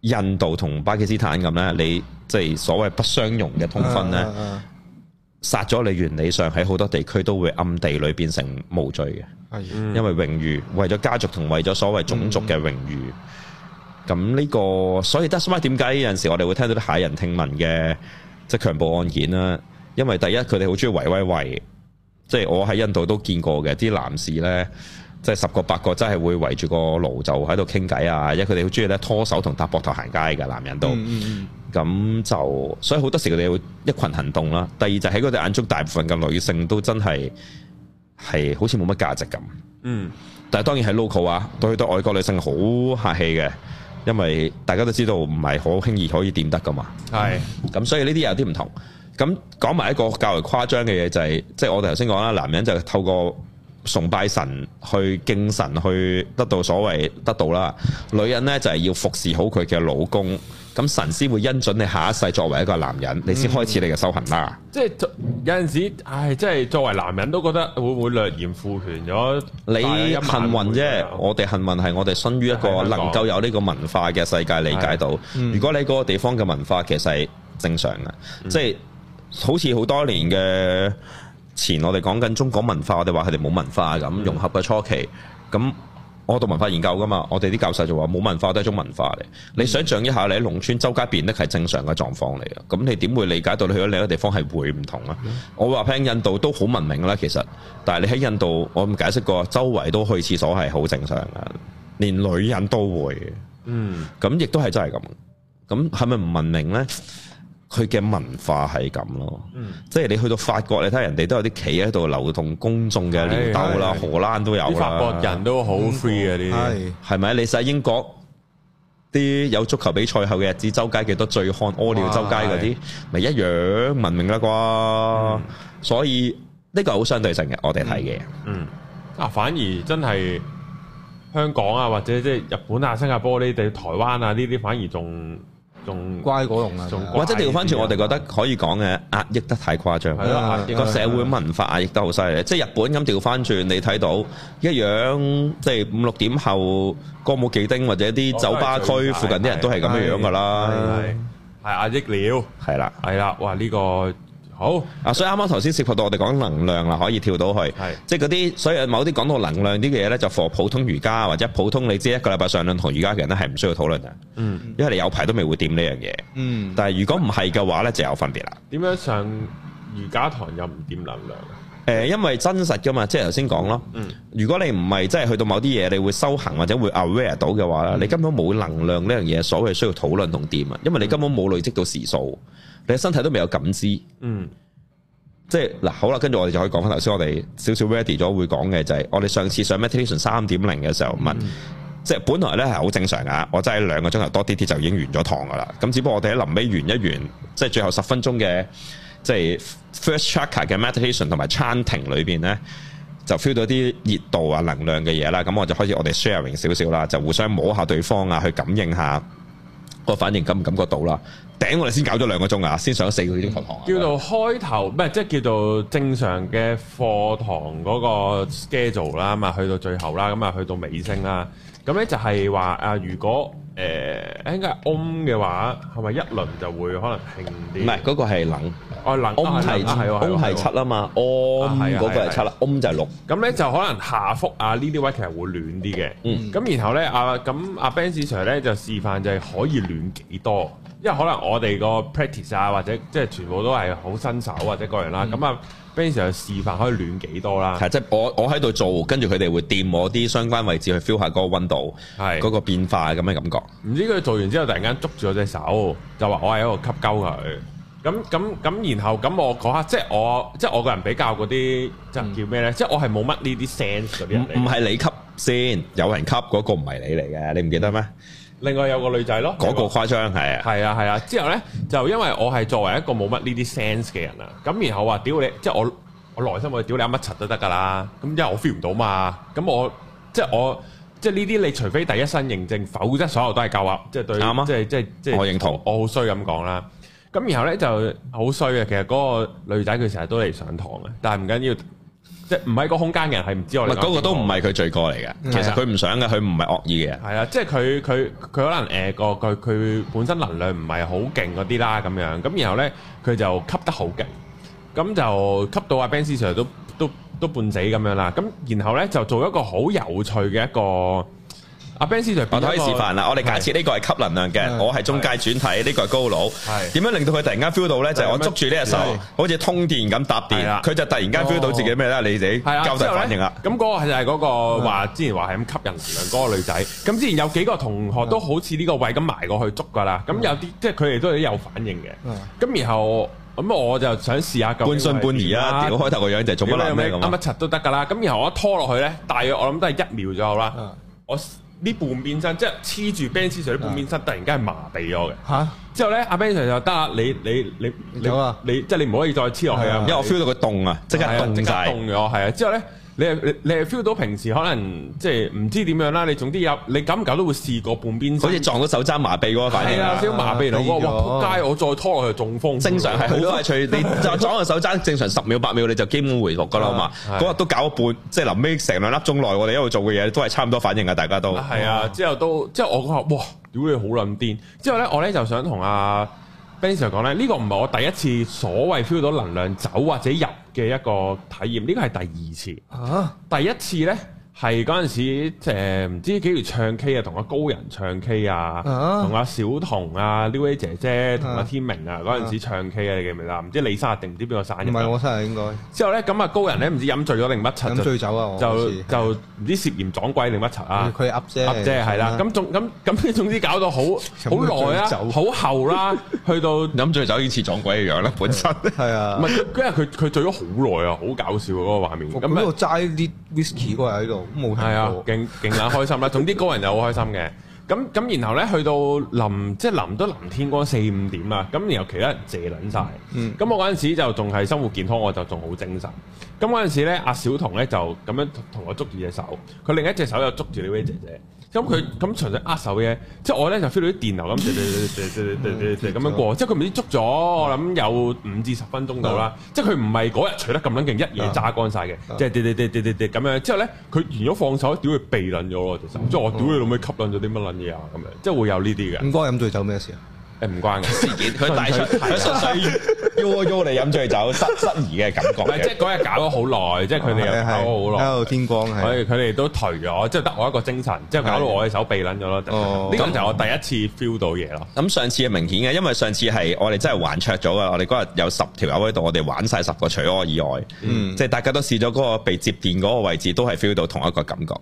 印度同巴基斯坦咁呢，你即係所謂不相容嘅通婚呢，殺咗、啊啊啊啊、你，原理上喺好多地區都會暗地裏變成無罪嘅，哎、呀 因為榮譽為咗家族同為咗所謂種族嘅榮譽。咁呢、嗯，這個所以，得 s m a 點解有陣時我哋會聽到啲駭人聽聞嘅即係強暴案件啦？因為第一，佢哋好中意維維維。即係我喺印度都見過嘅，啲男士呢，即係十個八個真係會圍住個爐就喺度傾偈啊！因為佢哋好中意咧拖手同搭膊頭行街嘅男人都，咁、嗯、就所以好多時佢哋會一群行動啦、啊。第二就喺佢哋眼中，大部分嘅女性都真係係好似冇乜價值咁。嗯，但係當然係 local 啊，對對外國女性好客氣嘅，因為大家都知道唔係好輕易可以掂得㗎嘛。係是，咁、嗯、所以呢啲有啲唔同。咁講埋一個較為誇張嘅嘢就係，即係我哋頭先講啦，男人就係透過崇拜神去敬神去得到所謂得到啦，女人呢，就係要服侍好佢嘅老公，咁神先會恩准你下一世作為一個男人，你先開始你嘅修行啦、啊嗯。即係有陣時，唉、哎，即係作為男人都覺得會唔會略嫌父權咗？你幸運啫，我哋幸運係我哋身於一個能夠有呢個文化嘅世界，理解到，嗯、如果你嗰個地方嘅文化其實係正常嘅，嗯、即係。好似好多年嘅前，我哋講緊中港文化，我哋話佢哋冇文化咁融合嘅初期。咁、嗯、我讀文化研究噶嘛，我哋啲教授就話冇文化都係一種文化嚟。嗯、你想象一下，你喺農村周街變得係正常嘅狀況嚟嘅。咁你點會理解到你去咗另一個地方係會唔同啊？嗯、我話聽印度都好文明啦，其實，但係你喺印度，我唔解釋過，周圍都去廁所係好正常嘅，連女人都會。嗯。咁亦都係真係咁。咁係咪唔文明呢？佢嘅文化係咁咯，嗯、即係你去到法國，你睇下人哋都有啲企喺度流動公眾嘅尿斗啦，荷蘭都有，法國人都好 free 啊。呢啲、嗯，係咪？你睇英國啲有足球比賽後嘅日子周日，周街幾多醉漢屙尿周街嗰啲，咪一樣文明啦啩？嗯、所以呢、呢個好相對性嘅，我哋睇嘅。嗯，啊，反而真係香港啊，或者即係日本啊、新加坡呢啲、台灣啊呢啲，反而仲。仲乖果啊！或者是調翻轉，我哋覺得可以講嘅壓抑得太誇張，個社會文化壓抑得好犀利，的即係日本咁調翻轉，的啊、你睇到一樣，即係五六點後歌舞伎町，或者啲酒吧區附近啲人都係咁樣樣噶啦，係壓抑了，係啦，係啦的的，哇！呢、這個好啊，所以啱啱頭先涉及到我哋講能量啦，可以跳到去，係是即係嗰啲，所以某啲講到能量啲嘢咧，就課普通瑜伽或者普通你知一個禮拜上兩堂瑜伽嘅人咧，係唔需要討論嘅，嗯，因為你有排都未會掂呢樣嘢，嗯，但係如果唔係嘅話咧，就有分別啦。點樣上瑜伽堂又唔掂能量？誒、呃，因為真實噶嘛，即係頭先講咯，嗯，如果你唔係即係去到某啲嘢，你會修行或者會 aware 到嘅話咧，嗯嗯、你根本冇能量呢樣嘢，所謂需要討論同掂，啊，因為你根本冇累積到時數。你身體都未有感知，嗯，即係嗱，好啦，跟住我哋就可以講翻頭先，我哋少少 ready 咗會講嘅就係，我哋上次上 meditation 三點零嘅時候問，嗯、即係本來呢係好正常噶，我真係兩個鐘頭多啲啲就已經完咗堂噶啦，咁只不過我哋喺臨尾完一完，即係最後十分鐘嘅即係 first chakra 嘅 meditation 同埋 chanting 裏邊咧，就 feel 到啲熱度啊能量嘅嘢啦，咁我就開始我哋 sharing 少少啦，就互相摸下對方啊，去感應下個反應感唔感覺到啦。頂我哋先搞咗兩個鐘啊，先上咗四個幾鐘堂。叫做開頭，唔係即係叫做正常嘅課堂嗰個 schedule 啦嘛，去到最後啦，咁啊去到尾聲啦。咁咧就係話啊，如果誒應該係 on 嘅話，係咪一輪就會可能平啲？唔係，嗰個係冷。哦，冷。on 係 on 係七啊嘛，on 嗰個係七啦，on 就係六。咁咧就可能下幅啊呢啲位其實會暖啲嘅。咁然後咧啊，咁阿 Benz Sir 咧就示範就係可以暖幾多。因為可能我哋個 practice 啊，或者即係全部都係好新手或者個人啦，咁啊，Benz Sir 示範可以暖幾多啦？係即係我我喺度做，跟住佢哋會掂我啲相關位置去 feel 下嗰個溫度，係嗰個變化嘅咁嘅感覺。唔知佢做完之後，突然間捉住我隻手，就話我喺度吸鳩佢。咁咁咁，然後咁我嗰刻即係我即係我個人比較嗰啲即係叫咩咧？即係我係冇乜呢啲 sense 嗰啲人嚟。唔唔係你吸先，有人吸嗰個唔係你嚟嘅，你唔記得咩？另外有個女仔咯，嗰、嗯、個，個誇張係啊，係啊係啊，之後咧 就因為我係作為一個冇乜呢啲 sense 嘅人啊，咁然後話屌你，即係我我內心我屌你阿乜柒都得噶啦，咁因為我 feel 唔到嘛，咁我即係我即係呢啲，你除非第一身認證，否則所有都係夠啊，即係對，啱啊，即係即係即係我認同，我好衰咁講啦。咁然後咧就好衰嘅，其實嗰個女仔佢成日都嚟上堂嘅，但係唔緊要。即係唔喺個空間嘅人係唔知，我唔係嗰個，都唔係佢罪過嚟嘅。其實佢唔想嘅，佢唔係惡意嘅。係啊，即係佢佢佢可能誒個佢佢本身能量唔係好勁嗰啲啦咁樣，咁然後咧佢就吸得好勁，咁就吸到阿 Benz Sir 都都都半死咁樣啦，咁然後咧就做一個好有趣嘅一個。阿 Ben 可以示範啦。我哋假設呢個係吸能量嘅，我係中間轉體，呢個係高佬，點樣令到佢突然間 feel 到呢？就係我捉住呢隻手，好似通電咁搭電，佢就突然間 feel 到自己咩咧？你哋，交代反應啊！咁嗰個就係嗰個話之前話係咁吸引能量嗰個女仔。咁之前有幾個同學都好似呢個位咁埋過去捉㗎啦。咁有啲即係佢哋都係有反應嘅。咁然後咁我就想試下半信半疑啦。開頭個樣就做乜啦？乜乜都得㗎啦。咁然後我拖落去呢，大約我諗都係一秒左右啦。我呢半邊身即係黐住 Benz Sir 啲半邊身，突然間係麻痺咗嘅。嚇、啊！之後咧，阿 Benz Sir 就得啦，你你你你你即係你唔可以再黐落去啊。」是啊、因為我 feel 到佢凍你啊，即刻凍咗，係啊，啊！之後咧。你你係 feel 到平時可能即係唔知點樣啦？你總之入，你唔久都會試過半邊，好似撞到手踭麻痹喎，係啊，啊麻痹嚟喎！哇，仆街我再拖落去就中風。正常係好快脆， 你就撞個手踭，正常十秒八秒你就基本回復噶啦好嘛。嗰日、啊、都搞一半，即係臨尾成兩粒鐘內，我哋一路做嘅嘢都係差唔多反應啊！大家都係啊，之後都之後我講話哇，屌你好撚癲！之後咧我咧就想同阿、啊。Benz Sir 講咧，呢個唔係我第一次所謂 feel 到能量走或者入嘅一個體驗，呢個係第二次。嚇，第一次呢。係嗰陣時，誒唔知幾時唱 K 啊，同阿高人唱 K 啊，同阿小童啊、Lily 姐姐同阿天明啊，嗰陣時唱 K 啊，你記唔記得？唔知李生定唔知邊個生嘅？唔係我生啊，應該。之後咧，咁啊高人咧唔知飲醉咗定乜柒，飲醉酒啊，就就唔知涉嫌撞鬼定乜柒啊，佢噏啫，噏啫係啦。咁總咁咁總之搞到好好耐啊，好後啦，去到飲醉酒已經似撞鬼嘅樣啦，本身係啊。唔係，因為佢佢醉咗好耐啊，好搞笑嗰個畫面。咁喺度齋啲 whisky 日喺度。冇係啊，勁勁啊，勁勁開心啦！ 總之，高人又好開心嘅。咁咁，然後咧去到臨，即係臨都臨天光四五點啊！咁然後其他人謝撚晒。咁我嗰陣時就仲係生活健康，我就仲好精神。咁嗰陣時咧，阿小童咧就咁樣同我捉住隻手，佢另一隻手又捉住呢位姐姐。咁佢咁純粹握手嘅，即係我咧就 feel 到啲電流咁，喋喋喋咁樣過。即係佢唔知捉咗，我諗有五至十分鐘到啦。即係佢唔係嗰日除得咁撚勁，一嘢榨乾晒嘅，即係喋喋喋喋喋喋咁樣。之後咧，佢完咗放手，屌佢避撚咗喎其實，即係我屌你老母吸撚咗啲乜撚。啊，咁樣即係會有呢啲嘅。唔關飲醉酒咩事啊？誒，唔關事件，佢大出喺純粹喐喐嚟飲醉酒失失儀嘅感覺。即係嗰日搞咗好耐，即係佢哋又搞咗好耐。天光係，佢哋都頹咗，即係得我一個精神，即係搞到我嘅手臂攣咗咯。哦，呢個就我第一次 feel 到嘢咯。咁上次係明顯嘅，因為上次係我哋真係玩桌咗啊！我哋嗰日有十條友喺度，我哋玩晒十個除咗我以外，即係大家都試咗嗰個被接電嗰個位置，都係 feel 到同一個感覺。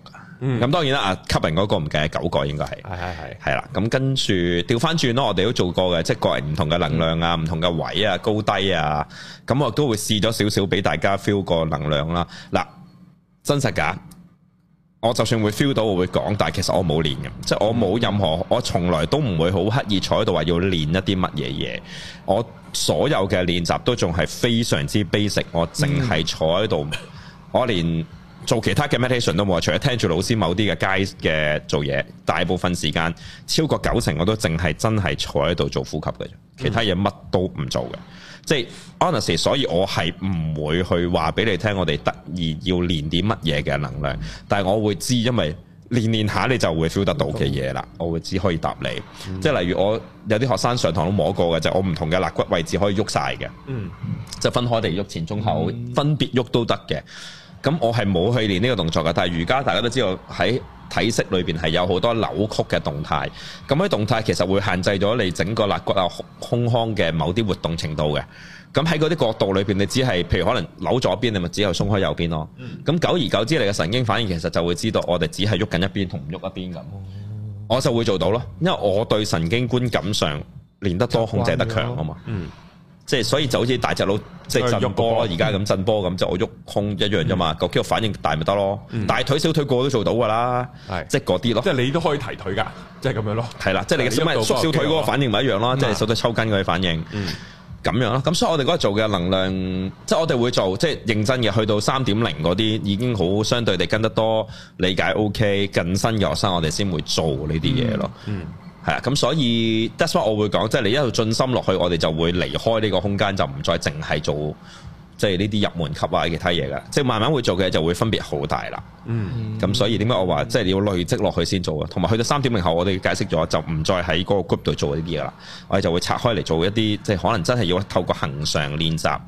嗯，咁當然啦，啊，吸引嗰個唔計九個應該係，係係係，係啦，咁跟住調翻轉咯，我哋都做過嘅，即係個人唔同嘅能量啊，唔、嗯、同嘅位啊，高低啊，咁我都會試咗少少俾大家 feel 個能量啦。嗱，真實噶，我就算會 feel 到，我會講，但係其實我冇練嘅，嗯、即係我冇任何，我從來都唔會好刻意坐喺度話要練一啲乜嘢嘢。我所有嘅練習都仲係非常之 basic，我淨係坐喺度，我連。做其他嘅 meditation 都冇，除咗聽住老師某啲嘅街嘅做嘢，大部分時間超過九成我都淨係真係坐喺度做呼吸嘅，其他嘢乜都唔做嘅。嗯、即係 o n e s i r 所以我係唔會去話俾你聽，我哋特意要練啲乜嘢嘅能量。但係我會知，因為練練下你就會 feel 得到嘅嘢啦。我會知可以答你，嗯、即係例如我有啲學生上堂都摸過嘅，就是、我唔同嘅肋骨位置可以喐晒嘅，嗯，就分開地喐前中後、嗯、分別喐都得嘅。咁我係冇去練呢個動作嘅，但係瑜伽大家都知道喺體式裏邊係有好多扭曲嘅動態，咁啲動態其實會限制咗你整個肋骨啊胸腔嘅某啲活動程度嘅。咁喺嗰啲角度裏邊，你只係譬如可能扭左邊，你咪只有鬆開右邊咯。咁、嗯、久而久之，你嘅神經反應其實就會知道，我哋只係喐緊一邊同唔喐一邊咁。我就會做到咯，因為我對神經觀感上練得多，控制得強啊嘛。即係所以就好似大隻佬即係、就是、震波而家咁震波咁，嗯、就我喐胸一樣啫嘛。個肌肉反應大咪得咯。嗯、大腿小腿個都做到噶啦。即係嗰啲咯。即係你都可以提腿噶，即係咁樣咯。係啦，即、就、係、是、你嘅小腿嗰個反應咪一樣咯。即係、嗯、手腿抽筋嗰啲反應。嗯，咁樣咯。咁所以我哋嗰日做嘅能量，即、就、係、是、我哋會做，即、就、係、是、認真嘅。去到三點零嗰啲已經好相對地跟得多，理解 OK，近身嘅學生我哋先會做呢啲嘢咯。嗯嗯。係啊，咁所以 that's why 我會講，即係你一路進心落去，我哋就會離開呢個空間，就唔再淨係做即係呢啲入門級啊，其他嘢㗎，即係慢慢會做嘅就會分別好大啦。嗯，咁、啊、所以點解我話即係你要累積落去先做啊？同埋去到三點零後，我哋解釋咗就唔再喺嗰個 group 度做呢啲嘢啦，我哋就會拆開嚟做一啲，即係可能真係要透過恒常練習。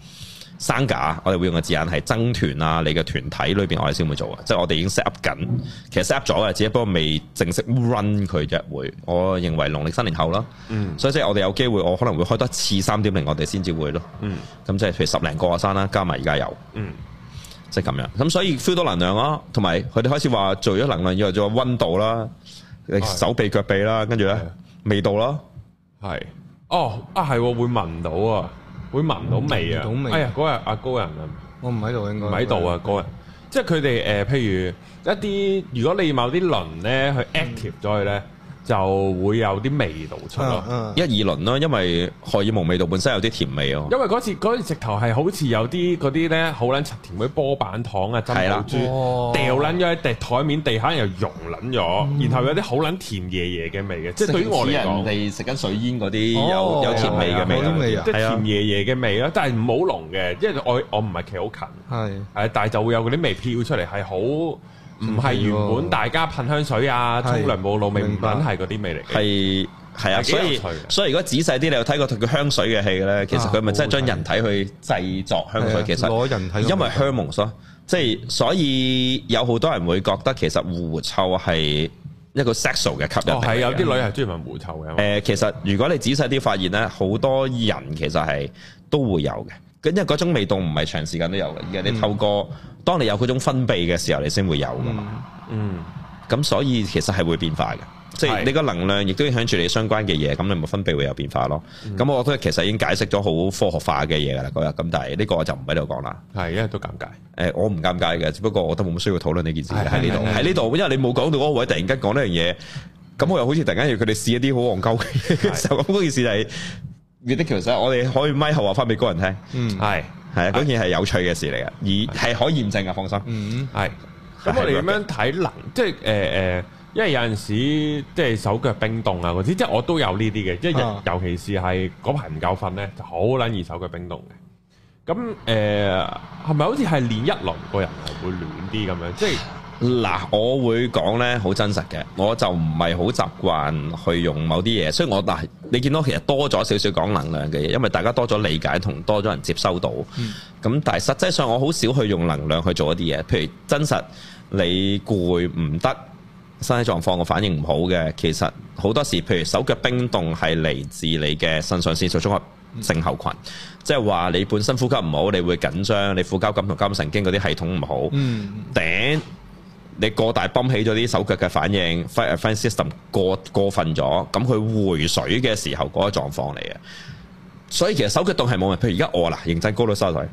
生假，我哋會用嘅字眼係增團啊，你嘅團體裏邊我哋先會做啊。即係我哋已經 set up 緊，其實 set up 咗嘅，只不過未正式 run 佢一回。我認為農曆新年後啦，所以即係我哋有機會，我可能會開多一次三點零，我哋先至會咯。咁即係譬如十零個學生啦，加埋而家有，即係咁樣。咁所以 feel 到能量咯，同埋佢哋開始話做咗能量，以後仲有溫度啦，手臂腳臂啦，跟住咧味道啦，係哦啊係會聞到啊。會聞到味啊！到哎呀，嗰日阿高人啊，我唔喺度，應該唔喺度啊！高人，即係佢哋誒，譬如一啲，如果你某啲輪咧去 active 咗去咧。嗯就會有啲味道出咯，一二輪啦，因為荷爾蒙味道本身有啲甜味哦。因為嗰次直頭係好似有啲嗰啲咧，好撚甜嗰啲波板糖啊，珍珠掉撚咗喺地台面地下又溶撚咗，然後有啲好撚甜嘢嘢嘅味嘅，即係對於我嚟講，你食緊水煙嗰啲有有甜味嘅味啊，即係甜嘢嘢嘅味咯。但係唔好濃嘅，因為我我唔係企好近，係但係就會有嗰啲味飄出嚟，係好。唔係原本大家噴香水啊，沖涼冇露白味，品係嗰啲味嚟嘅，係係啊，所以所以如果仔細啲你有睇過佢香水嘅戲咧，其實佢咪真係將人體去製作香水，啊、其實、啊、人體，因為荷爾蒙咯，即係所以有好多人會覺得其實狐臭係一個 sexual 嘅吸引，係、哦啊、有啲女係中意聞狐臭嘅。誒、呃，其實如果你仔細啲發現咧，好多人其實係都會有嘅。因為嗰種味道唔係長時間都有嘅，而係你透過當你有嗰種分泌嘅時候，你先會有噶嘛。嗯，咁所以其實係會變化嘅，即係你個能量亦都影響住你相關嘅嘢。咁你咪分泌會有變化咯。咁我覺得其實已經解釋咗好科學化嘅嘢噶啦嗰日。咁但係呢個我就唔喺度講啦。係，因為都尷尬。誒，我唔尷尬嘅，只不過我都冇乜需要討論呢件事喺呢度。喺呢度，因為你冇講到嗰位，突然間講呢樣嘢，咁我又好似突然間要佢哋試一啲好戇鳩嘅時候，嗰件事就係。Ulous, 啊、我哋可以咪後話啊，翻俾高人聽。嗯，係是，係啊是，當然係有趣嘅事嚟嘅，而係是可以驗證嘅，放心。嗯，係是。咁、嗯、我哋咁樣睇能，即係誒誒，因為有陣時即係手腳冰凍啊嗰啲，即係我都有呢啲嘅。即係尤其是係嗰排唔夠瞓咧，就好撚易手腳冰凍嘅。咁誒，係、呃、咪好似係練一輪，個人係會暖啲咁樣？即係。嗱，我會講呢，好真實嘅，我就唔係好習慣去用某啲嘢，所以我嗱，你見到其實多咗少少講能量嘅嘢，因為大家多咗理解同多咗人接收到，咁、嗯、但係實際上我好少去用能量去做一啲嘢，譬如真實你攰唔得，身體狀況我反應唔好嘅，其實好多時譬如手腳冰凍係嚟自你嘅腎上腺素綜合症候群，嗯、即係話你本身呼吸唔好，你會緊張，你副交感同交感神經嗰啲系統唔好，頂、嗯。嗯你過大泵起咗啲手腳嘅反應，fine system 過過分咗，咁佢回水嘅時候嗰、個狀況嚟嘅。所以其實手腳凍係冇問題，譬如而家我啦，認真高到晒台，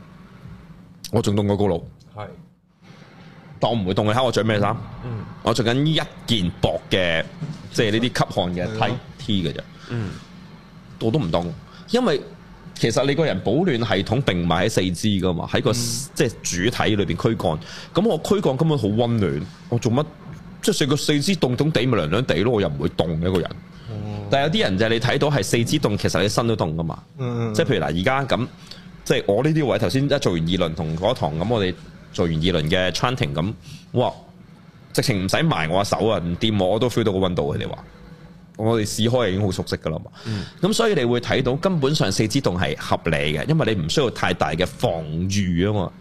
我仲凍過高佬。係是，當唔會凍嘅，下我着咩衫？嗯，我着緊一件薄嘅，即係呢啲吸汗嘅 T T 嘅啫。T，嗯，我都唔凍，因為。其實你個人保暖系統並唔係喺四肢噶嘛，喺個即係主體裏邊驅幹。咁我驅幹根本好温暖，我做乜？即使個四肢凍凍地咪涼涼地咯，我又唔會凍嘅一個人。但係有啲人就係你睇到係四肢凍，其實你身都凍噶嘛。即係、嗯嗯嗯、譬如嗱，而家咁，即、就、係、是、我呢啲位頭先一做完二輪同嗰堂咁，我哋做完二輪嘅 training 咁，哇！直情唔使埋我手啊，唔掂我，我都 feel 到個温度，佢哋話。我哋試開已經好熟悉噶啦嘛，咁、嗯、所以你會睇到根本上四肢凍係合理嘅，因為你唔需要太大嘅防禦啊嘛，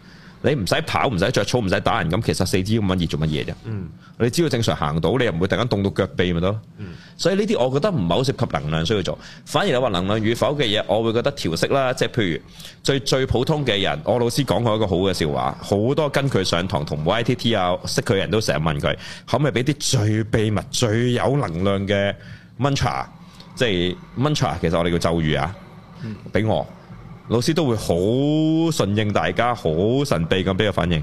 你唔使跑，唔使着草，唔使打人咁，其實四肢咁乜嘢做乜嘢啫？嗯、你只要正常行到，你又唔會突然間凍到腳痹咪得咯。嗯、所以呢啲我覺得唔係好涉及能量需要做，反而你話能量與否嘅嘢，我會覺得調適啦。即係譬如最最普通嘅人，我老師講過一個好嘅笑話，好多跟佢上堂同 YTT 啊，識佢人都成日問佢，可唔可以俾啲最秘密、最有能量嘅？Muncha，即係 Muncha，其實我哋叫咒語啊，俾、嗯、我老師都會好順應大家，好神秘咁俾個反應。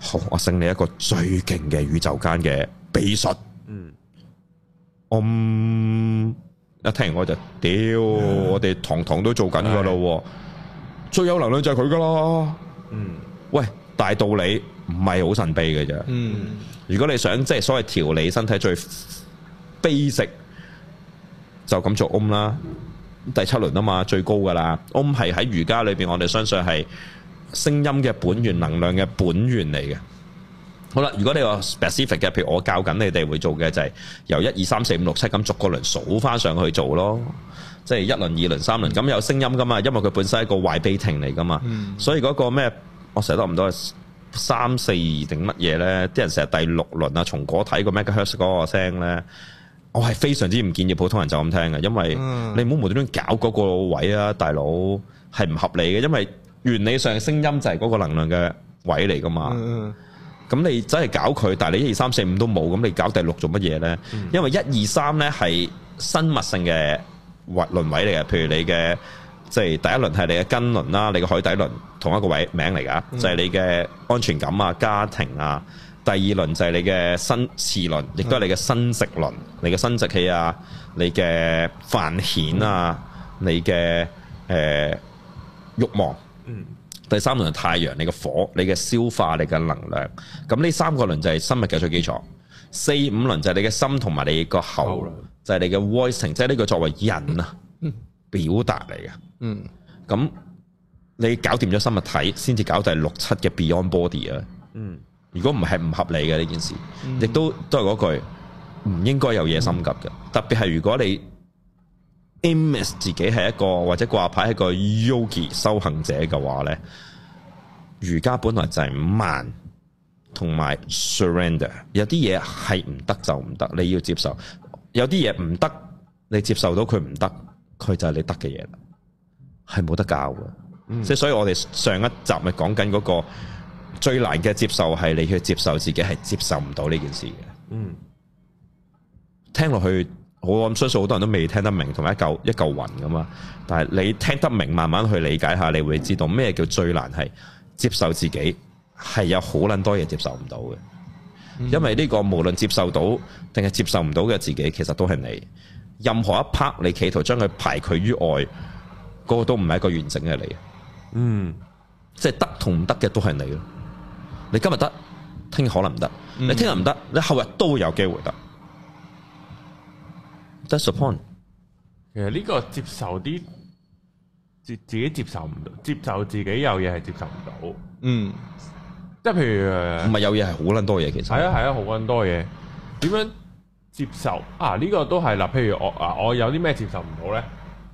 好，我勝你一個最勁嘅宇宙間嘅秘術。嗯，我、um, 一聽我就，屌、嗯，我哋堂堂都做緊噶咯。嗯、最有能量就係佢噶啦。嗯，喂，大道理唔係好神秘嘅啫。嗯，如果你想即係所謂調理身體最悲食。就咁做嗡、oh、啦，第七輪啊嘛，最高噶啦。嗡係喺瑜伽裏邊，我哋相信係聲音嘅本源，能量嘅本源嚟嘅。好啦，如果你話 specific 嘅，譬如我教緊你哋會做嘅，就係由一二三四五六七咁逐個輪數翻上去做咯。即係一輪、二輪、三輪咁有聲音噶嘛，因為佢本身係一個壞悲庭嚟噶嘛，嗯、所以嗰個咩我成日都唔到三四二定乜嘢呢？啲人成日第六輪啊，從嗰睇個 macacus 嗰個聲呢。我係非常之唔建議普通人就咁聽嘅，因為你唔好無端端搞嗰個位啊，大佬，係唔合理嘅，因為原理上聲音就係嗰個能量嘅位嚟噶嘛。咁、嗯、你真係搞佢，但係你一二三四五都冇，咁你搞第六做乜嘢呢？因為一二三呢係生物性嘅輪輪位嚟嘅，譬如你嘅即係第一輪係你嘅根輪啦，你嘅海底輪同一個位，名嚟噶，就係、是、你嘅安全感啊、家庭啊。第二輪就係你嘅生殖輪，亦都係你嘅生殖輪，你嘅生殖器啊，你嘅繁衍啊，你嘅誒、呃、慾望。嗯。第三輪係太陽，你嘅火，你嘅消化，你嘅能量。咁呢三個輪就係生物嘅最基礎。四五輪就係你嘅心同埋你個喉，哦、就係你嘅 voicing 即係呢個作為人啊，嗯、表達嚟嘅。嗯。咁你搞掂咗生物體，先至搞第六七嘅 Beyond Body 啊。嗯。如果唔係唔合理嘅呢件事，嗯、亦都都係嗰句唔應該有嘢心急嘅。嗯、特別係如果你 m s,、嗯、 自己係一個或者掛牌一個 Yogi 修行者嘅話呢，瑜伽本來就係慢同埋 surrender。有啲嘢係唔得就唔得，你要接受。有啲嘢唔得，你接受到佢唔得，佢就係你得嘅嘢，係冇得教嘅。即係、嗯、所以我哋上一集咪講緊嗰個。最難嘅接受係你去接受自己係接受唔到呢件事嘅。嗯，聽落去我諗相信，好多人都未聽得明，同埋一嚿一嚿雲噉嘛。但係你聽得明，慢慢去理解下，你會知道咩叫最難係接受自己，係有好捻多嘢接受唔到嘅。嗯、因為呢、這個無論接受到定係接受唔到嘅自己，其實都係你。任何一 part 你企圖將佢排除於外，嗰、那個都唔係一個完整嘅你。嗯，即係得同唔得嘅都係你你今日得，聽日可能唔得，你聽日唔得，你後日都有機會得。That's the point. 其實呢個接受啲，接自,自己接受唔到，接受自己有嘢係接受唔到。嗯。即係譬如，唔係有嘢係好撚多嘢，其實。係啊係啊，好撚、啊、多嘢。點樣接受啊？呢、這個都係啦。譬如我啊，我有啲咩接受唔到咧？誒、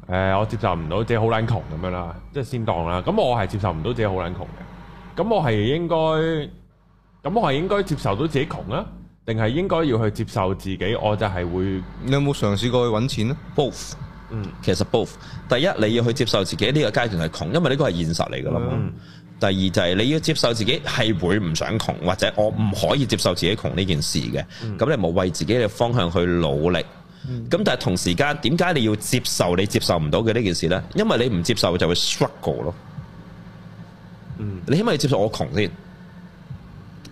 呃，我接受唔到自己好撚窮咁樣啦，即係先當啦。咁我係接受唔到自己好撚窮嘅。咁我係應該，咁我係應該接受到自己窮啊？定係應該要去接受自己？我就係會。你有冇嘗試過去揾錢咧？Both，嗯，其實 both。第一，你要去接受自己呢個階段係窮，因為呢個係現實嚟噶啦。嘛、嗯。第二就係、是、你要接受自己係會唔想窮，或者我唔可以接受自己窮呢件事嘅。嗯。咁你冇為自己嘅方向去努力。嗯。咁但係同時間，點解你要接受你接受唔到嘅呢件事呢？因為你唔接受就會 struggle 咯。你起碼要接受我窮先，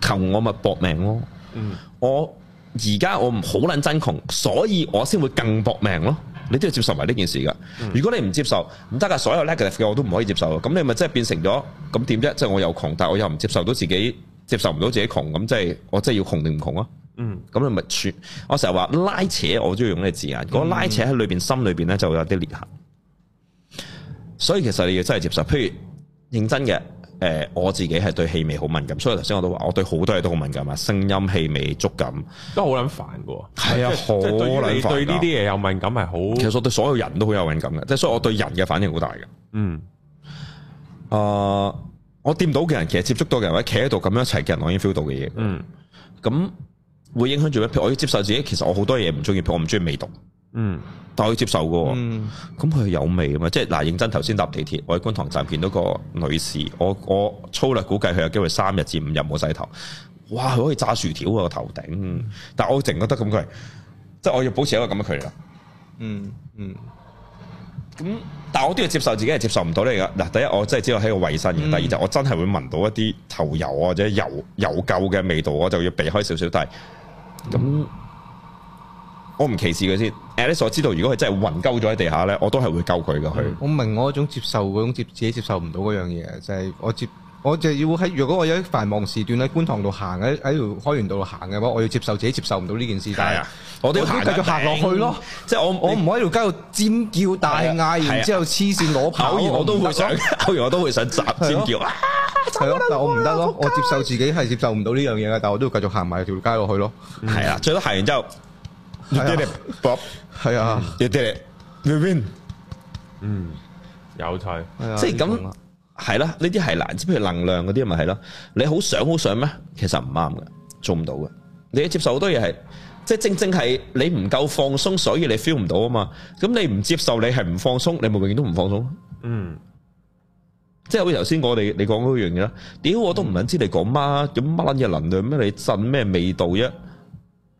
窮我咪搏命咯、啊。嗯、我而家我唔好捻真窮，所以我先會更搏命咯、啊。你都要接受埋呢件事噶。嗯、如果你唔接受唔得噶，所有 negative 嘅我都唔可以接受噶。咁你咪即係變成咗咁點啫？即係、就是、我又窮，但係我又唔接受到自己，接受唔到自己窮，咁即係我真係要窮定唔窮啊？嗯，咁你咪穿。我成日話拉扯，我中意用呢個字眼。如果拉扯喺裏邊、嗯、心裏邊咧，就會有啲裂痕。嗯、所以其實你要真係接受，譬如認真嘅。誒、呃、我自己係對氣味好敏感，所以頭先我都話，我對好多嘢都好敏感嘛，聲音、氣味、觸感，都好撚煩嘅喎。係啊，好撚煩㗎。對呢啲嘢有敏感係好。其實我對所有人都好有敏感嘅，即係所以我對人嘅反應好大嘅。嗯。啊、呃，我掂到嘅人，其實接觸到嘅人，或者企喺度咁樣一齊嘅人，我已經 feel 到嘅嘢。嗯。咁會影響住我要接受自己，其實我好多嘢唔中意，我唔中意味道。嗯，但係我要接受過，咁佢係有味啊嘛，即係嗱認真頭先搭地鐵，我喺觀塘站見到個女士，我我粗略估計佢有機會三日至五日冇洗頭，哇，佢可以炸薯條啊個頭頂，但係我淨覺得咁佢，即係我要保持一個咁嘅距離啊、嗯嗯，嗯嗯，咁但係我都要接受自己係接受唔到你噶，嗱第一我真係知道喺個衛生嘅，嗯、第二就我真係會聞到一啲頭油啊或者油油垢嘅味道，我就要避開少少，但係咁。我唔歧視佢先 Alex 我知道如果佢真係暈鳩咗喺地下咧，我都係會救佢噶。佢。我明我一種接受嗰種接自己接受唔到嗰樣嘢，就係我接我就要喺如果我喺繁忙時段喺觀塘度行喺喺條開源道行嘅話，我要接受自己接受唔到呢件事。但係我都要繼續行落去咯，即係我我唔可以喺條街度尖叫大嗌然之後黐線攞跑。然我都會想，然我都會想集尖叫。係咯，我唔得。我接受自己係接受唔到呢樣嘢，但我都要繼續行埋條街落去咯。係啊，最多行完之後。要啲嚟搏，係啊，要啲嚟，要 win，嗯，有才，即係咁，係啦，呢啲係難，即係譬如能量嗰啲咪係咯，你好想好想咩？其實唔啱嘅，做唔到嘅，你要接受好多嘢係，即係正正係你唔夠放鬆，所以你 feel 唔到啊嘛，咁你唔接受，你係唔放鬆，你咪永遠都唔放鬆，嗯，即係好似頭先我哋你講嗰樣嘢啦，屌我都唔撚知你講乜，咁乜捻嘢能量咩？你震咩味道啫？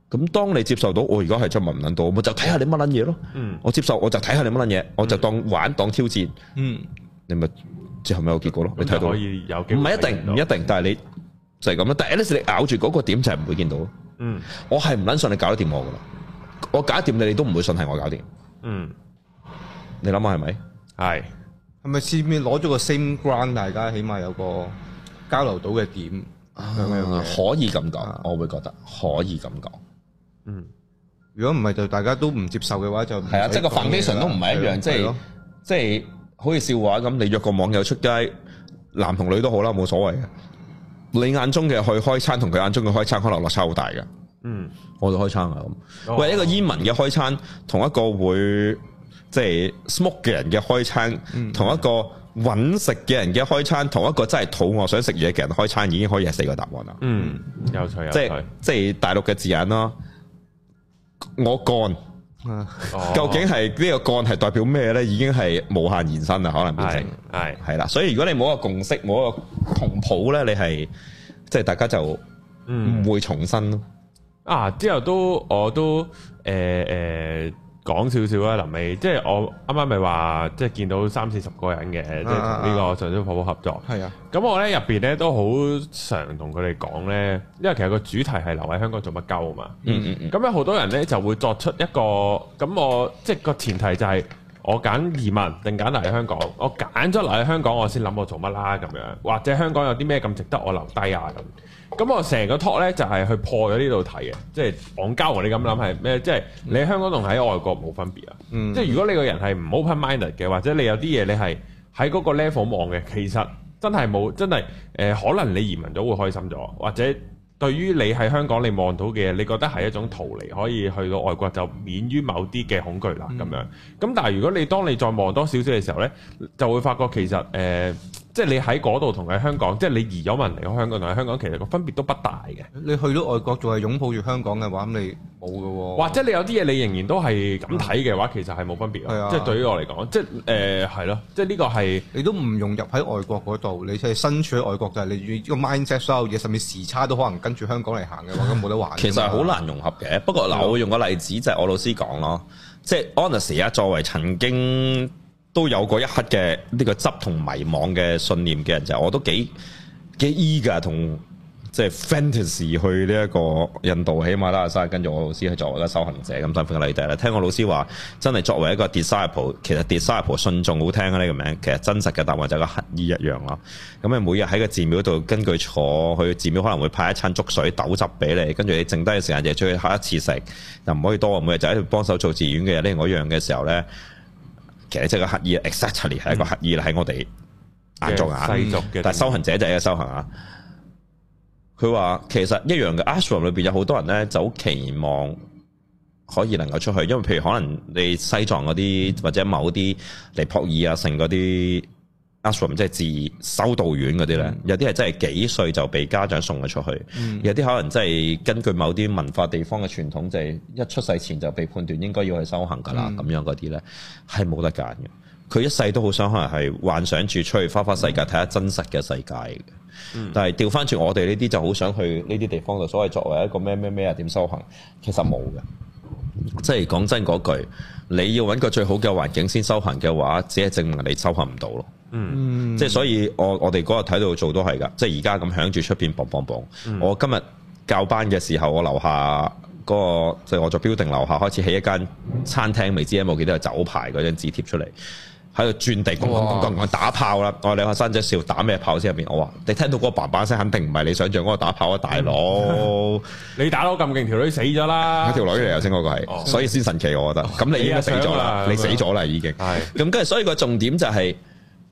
咁，當你接受到我，如果係出文唔撚到，咪就睇下你乜撚嘢咯。我接受，我就睇下你乜撚嘢，我就當玩當挑戰。你咪最後咪有結果咯？你睇到可以有，唔係一定，唔一定。但係你就係咁啦。但係 Alex，你咬住嗰個點就係唔會見到。嗯，我係唔撚信你搞得掂我噶啦。我搞得掂你，你都唔會信係我搞得掂。嗯，你諗下係咪？係係咪試面攞咗個 same ground？大家起碼有個交流到嘅點，可以咁講。我會覺得可以咁講。嗯，如果唔係就大家都唔接受嘅話就係啊，即係個 foundation 都唔係一樣，即係即係好似笑話咁，你約個網友出街，男同女都好啦，冇所謂嘅。你眼中嘅去開餐同佢眼中嘅開餐可能落差好大噶。嗯，我就開餐啊咁。喂、就是，哦、一個煙民嘅開餐，同一個會即係 smoke 嘅人嘅開餐，嗯、同一個搵食嘅人嘅開餐，同一個真係肚餓，餓想食嘢嘅人嘅開餐，已經可以係四個答案啦。嗯，有趣，有趣，有趣，即係、嗯、大陸嘅字眼咯。我干，究竟係呢個干係代表咩咧？已經係無限延伸啦，可能變成係係啦。所以如果你冇一個共識，冇一個同譜咧，你係即係大家就唔會重申。咯、嗯。啊之後都我都誒誒。呃呃講少少啦，臨尾，即係我啱啱咪話，即係見到三四十個人嘅，啊、即係同呢個、啊、上小婆婆合作。係啊，咁我咧入邊咧都好常同佢哋講咧，因為其實個主題係留喺香港做乜鳩啊嘛。嗯嗯嗯。咁樣好多人咧就會作出一個，咁我即係個前提就係我揀移民定揀留喺香港，我揀咗留喺香港，我先諗我做乜啦咁樣，或者香港有啲咩咁值得我留低啊咁。咁我成個 talk 咧就係去破咗呢度睇嘅，即係綁架，你咁諗係咩？即係你香港同喺外國冇分別啊！嗯、即係如果你個人係唔 open minded 嘅，或者你有啲嘢你係喺嗰個 level 望嘅，其實真係冇真係誒、呃，可能你移民咗會開心咗，或者對於你喺香港你望到嘅嘢，你覺得係一種逃離，可以去到外國就免於某啲嘅恐懼啦咁、嗯、樣。咁但係如果你當你再望多少少嘅時候咧，就會發覺其實誒。呃即係你喺嗰度同喺香港，即係你移咗人嚟香港同喺香港，香港其實個分別都不大嘅。你去到外國仲係擁抱住香港嘅話，咁你冇嘅喎。或者你有啲嘢你仍然都係咁睇嘅話，嗯、其實係冇分別。嗯、即係對於我嚟講，即係誒係咯，即係呢個係你都唔融入喺外國嗰度，你係身處喺外國但係、就係、你依個 mindset 所有嘢，甚至時差都可能跟住香港嚟行嘅話都冇得玩。其實好難融合嘅。不過嗱，我用個例子就係我老師講咯，即係 Honesty 啊，ate, 作為曾經。都有嗰一刻嘅呢、這個執同迷惘嘅信念嘅人就是，我、哦、都幾幾依噶，同即係 fantasy 去呢一個印度，喜馬拉雅山，跟住我老師去作為一個修行者咁辛苦嘅你哋咧，聽我老師話，真係作為一個 disciple 其實 disciple 信眾好聽呢、這個名，其實真實嘅答案就係個乞衣一樣咯。咁你每日喺個寺廟度，根據坐去寺廟可能會派一餐粥水豆汁俾你，跟住你剩低嘅時間就出去下一次食，又唔可以多。每日就喺度幫手做寺院嘅呢個一樣嘅時候呢。其實即係個刻意，exactly 係一個刻意啦，喺我哋眼裝眼，但係修行者就係修行啊。佢話、嗯、其實一樣嘅，Ashram 裏邊有好多人咧，就好期望可以能夠出去，因為譬如可能你西藏嗰啲或者某啲尼泊爾啊成、成嗰啲。Ashram 即係自修道院嗰啲咧，嗯、有啲係真係幾歲就被家長送咗出去，嗯、有啲可能真係根據某啲文化地方嘅傳統，就係一出世前就被判斷應該要去修行噶啦，咁、嗯、樣嗰啲咧係冇得揀嘅。佢一世都好想可能係幻想住出去花花世界睇下真實嘅世界嘅，嗯、但係調翻轉我哋呢啲就好想去呢啲地方，就所謂作為一個咩咩咩啊點修行，其實冇嘅。即係講真嗰句，你要揾個最好嘅環境先修行嘅話，只係證明你修行唔到咯。嗯，即係所以我我哋嗰日睇到做都係噶，即係而家咁響住出邊 b o 我今日教班嘅時候，我樓下嗰，那個即係、就是、我做 b 定 i 樓下開始起一間餐廳，未知有冇記得有酒牌嗰張紙貼出嚟。喺度轉地公，打炮啦！我話學生仔笑打咩炮先入邊？我話你聽到嗰個爸爸聲，肯定唔係你想象嗰個打炮啊！大佬，你打到咁勁，條女死咗啦！條女嚟頭先嗰個係，所以先神奇我覺得。咁你已經死咗啦，你死咗啦已經。係咁跟住，所以個重點就係、是、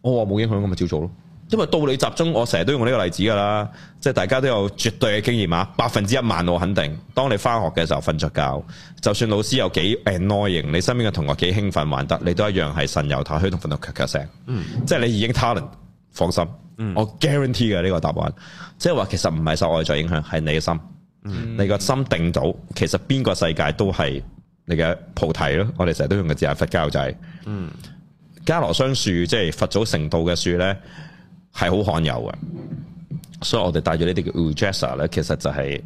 我話冇影響，咁咪照做咯。因為到你集中，我成日都用呢個例子噶啦，即係大家都有絕對嘅經驗啊！百分之一萬，我肯定，當你返學嘅時候瞓著覺，就算老師有幾 annoying，你身邊嘅同學幾興奮玩得，你都一樣係神遊太虛同瞓到咔咔聲。卻卻嗯，即係你已經 talent，放心，嗯、我 guarantee 嘅呢、呢個答案，即係話其實唔係受外在影響，係你嘅心，嗯、你個心定到，其實邊個世界都係你嘅菩提咯。我哋成日都用嘅字眼佛教仔、就係，嗯，係，迦羅雙樹即係佛祖成道嘅樹呢。係好罕有嘅，所以我哋帶咗呢啲叫 Ujjala 咧，其實就係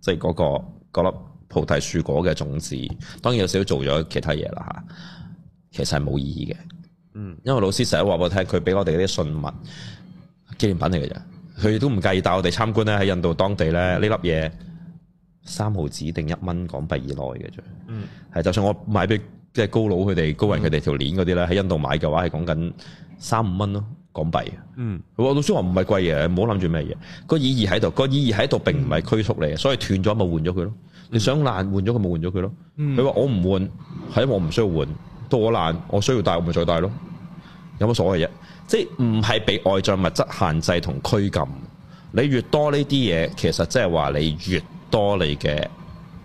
即係嗰粒菩提樹果嘅種子。當然有時都做咗其他嘢啦吓，其實係冇意義嘅。嗯，因為老師成日話俾我聽，佢俾我哋啲信物紀念品嚟嘅啫，佢亦都唔介意帶我哋參觀咧。喺印度當地咧，呢粒嘢三毫紙定一蚊港幣以內嘅啫。嗯，係，就算我買俾即係高佬佢哋、嗯、高人佢哋條鏈嗰啲咧，喺印度買嘅話係講緊三五蚊咯。港幣，嗯，佢話老師話唔係貴嘢，唔好諗住咩嘢，個意義喺度，個意義喺度，並唔係拘束你，所以斷咗咪換咗佢咯，你想爛換咗佢咪換咗佢咯，佢話、嗯、我唔換，係我唔需要換，到我爛我需要帶咪再帶咯，有乜所謂啫？即係唔係被外在物質限制同拘禁，你越多呢啲嘢，其實即係話你越多你嘅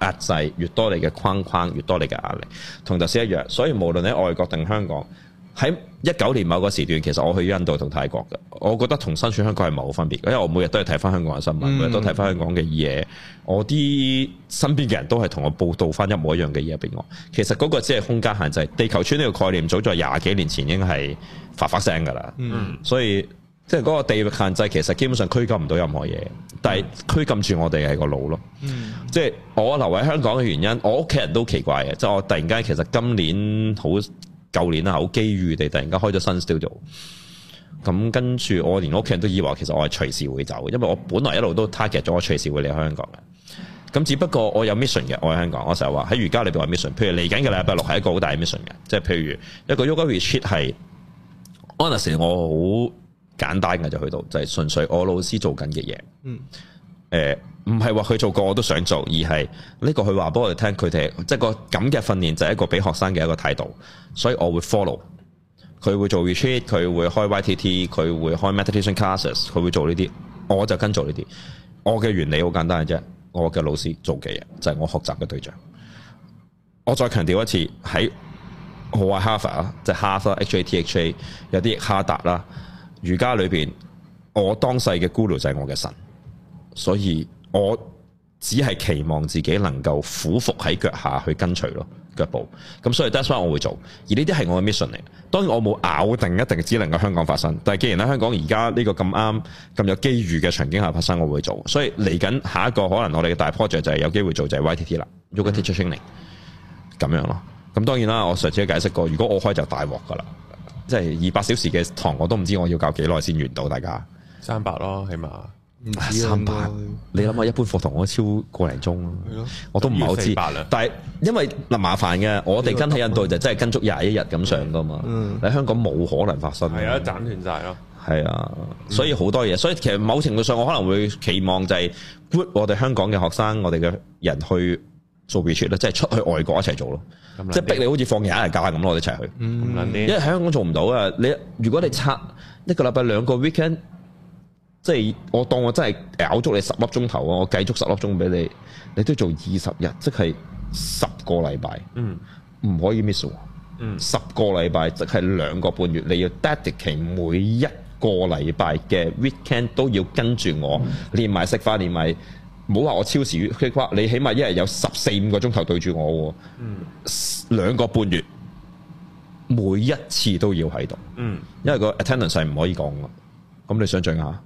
壓制，越多你嘅框框，越多你嘅壓力，同大師一樣，所以無論喺外國定香港。喺一九年某個時段，其實我去印度同泰國嘅，我覺得同身處香港係唔係好分別，因為我每日都係睇翻香港嘅新聞，嗯、每日都睇翻香港嘅嘢，我啲身邊嘅人都係同我報道翻一模一樣嘅嘢俾我。其實嗰個只係空間限制，地球村呢個概念早在廿幾年前已經係發發聲噶啦。嗯、所以即係嗰個地域限制，其實基本上拘禁唔到任何嘢，但係拘禁住我哋係個腦咯。即係、嗯、我留喺香港嘅原因，我屋企人都奇怪嘅，即係我突然間其實今年好。舊年啦，好機遇地突然間開咗新 studio，咁跟住我連屋企人都以為其實我係隨時會走，因為我本來一路都 target 咗我隨時會離開香港嘅。咁只不過我有 mission 嘅，我喺香港，我成日話喺瑜伽裏邊話 mission，譬如嚟緊嘅禮拜六係一個好大嘅 mission 嘅，即係譬如一個 yoga retreat 係 honest 我好簡單嘅就去到，就係、是、純粹我老師做緊嘅嘢。嗯。誒，唔係話佢做過我都想做，而係呢個佢話俾我哋聽，佢哋即係個咁嘅訓練就係一個俾學生嘅一個態度，所以我會 follow 佢會做 retreat，佢會開 YTT，佢會開 meditation classes，佢會做呢啲，我就跟做呢啲。我嘅原理好簡單嘅啫，我嘅老師做嘅嘢就係、是、我學習嘅對象。我再強調一次喺 Hatha 啦，即係 Hatha h a t h a，有啲哈達啦，瑜伽裏邊，我當世嘅 guru 就係我嘅神。所以我只係期望自己能夠俯伏喺腳下去跟隨咯腳步，咁所以 that's why 我會做，而呢啲係我嘅 mission 嚟。當然我冇咬定一定只能夠香港發生，但係既然喺香港而家呢個咁啱咁有機遇嘅場景下發生，我會做。所以嚟緊下，下一個可能我哋嘅大 project 就係有機會做就係 YTT 啦，Yoga Teacher Training 咁樣咯。咁當然啦，我上次解釋過，如果我開就大鑊㗎啦，即係二百小時嘅堂，我都唔知我要教幾耐先完到大家。三百咯，起碼。三百？你諗下，一般課堂我都超過零鐘咯，我都唔係好知。但係因為嗱麻煩嘅，我哋跟喺印度就真係跟足廿一日咁上噶嘛。喺香港冇可能發生嘅，係啊，斬斷晒咯。係啊，所以好多嘢，所以其實某程度上，我可能會期望就係 good 我哋香港嘅學生，我哋嘅人去做 retreat 啦，即係出去外國一齊做咯，即係逼你好似放廿一日假咁，我哋一齊去。因為喺香港做唔到啊，你如果你拆一個禮拜兩個 weekend。即係我當我真係咬足你十粒鐘頭啊！我計足十粒鐘俾你，你都要做二十日，即係十個禮拜。嗯，唔可以 miss。嗯，十個禮拜即係兩個半月，你要 dedicate 每一個禮拜嘅 weekend 都要跟住我，練埋食翻，練埋。唔好話我超時，佢話你起碼一日有十四五個鐘頭對住我。嗯，兩個半月，每一次都要喺度。嗯，因為個 attendance 係唔可以講㗎。咁你想像下？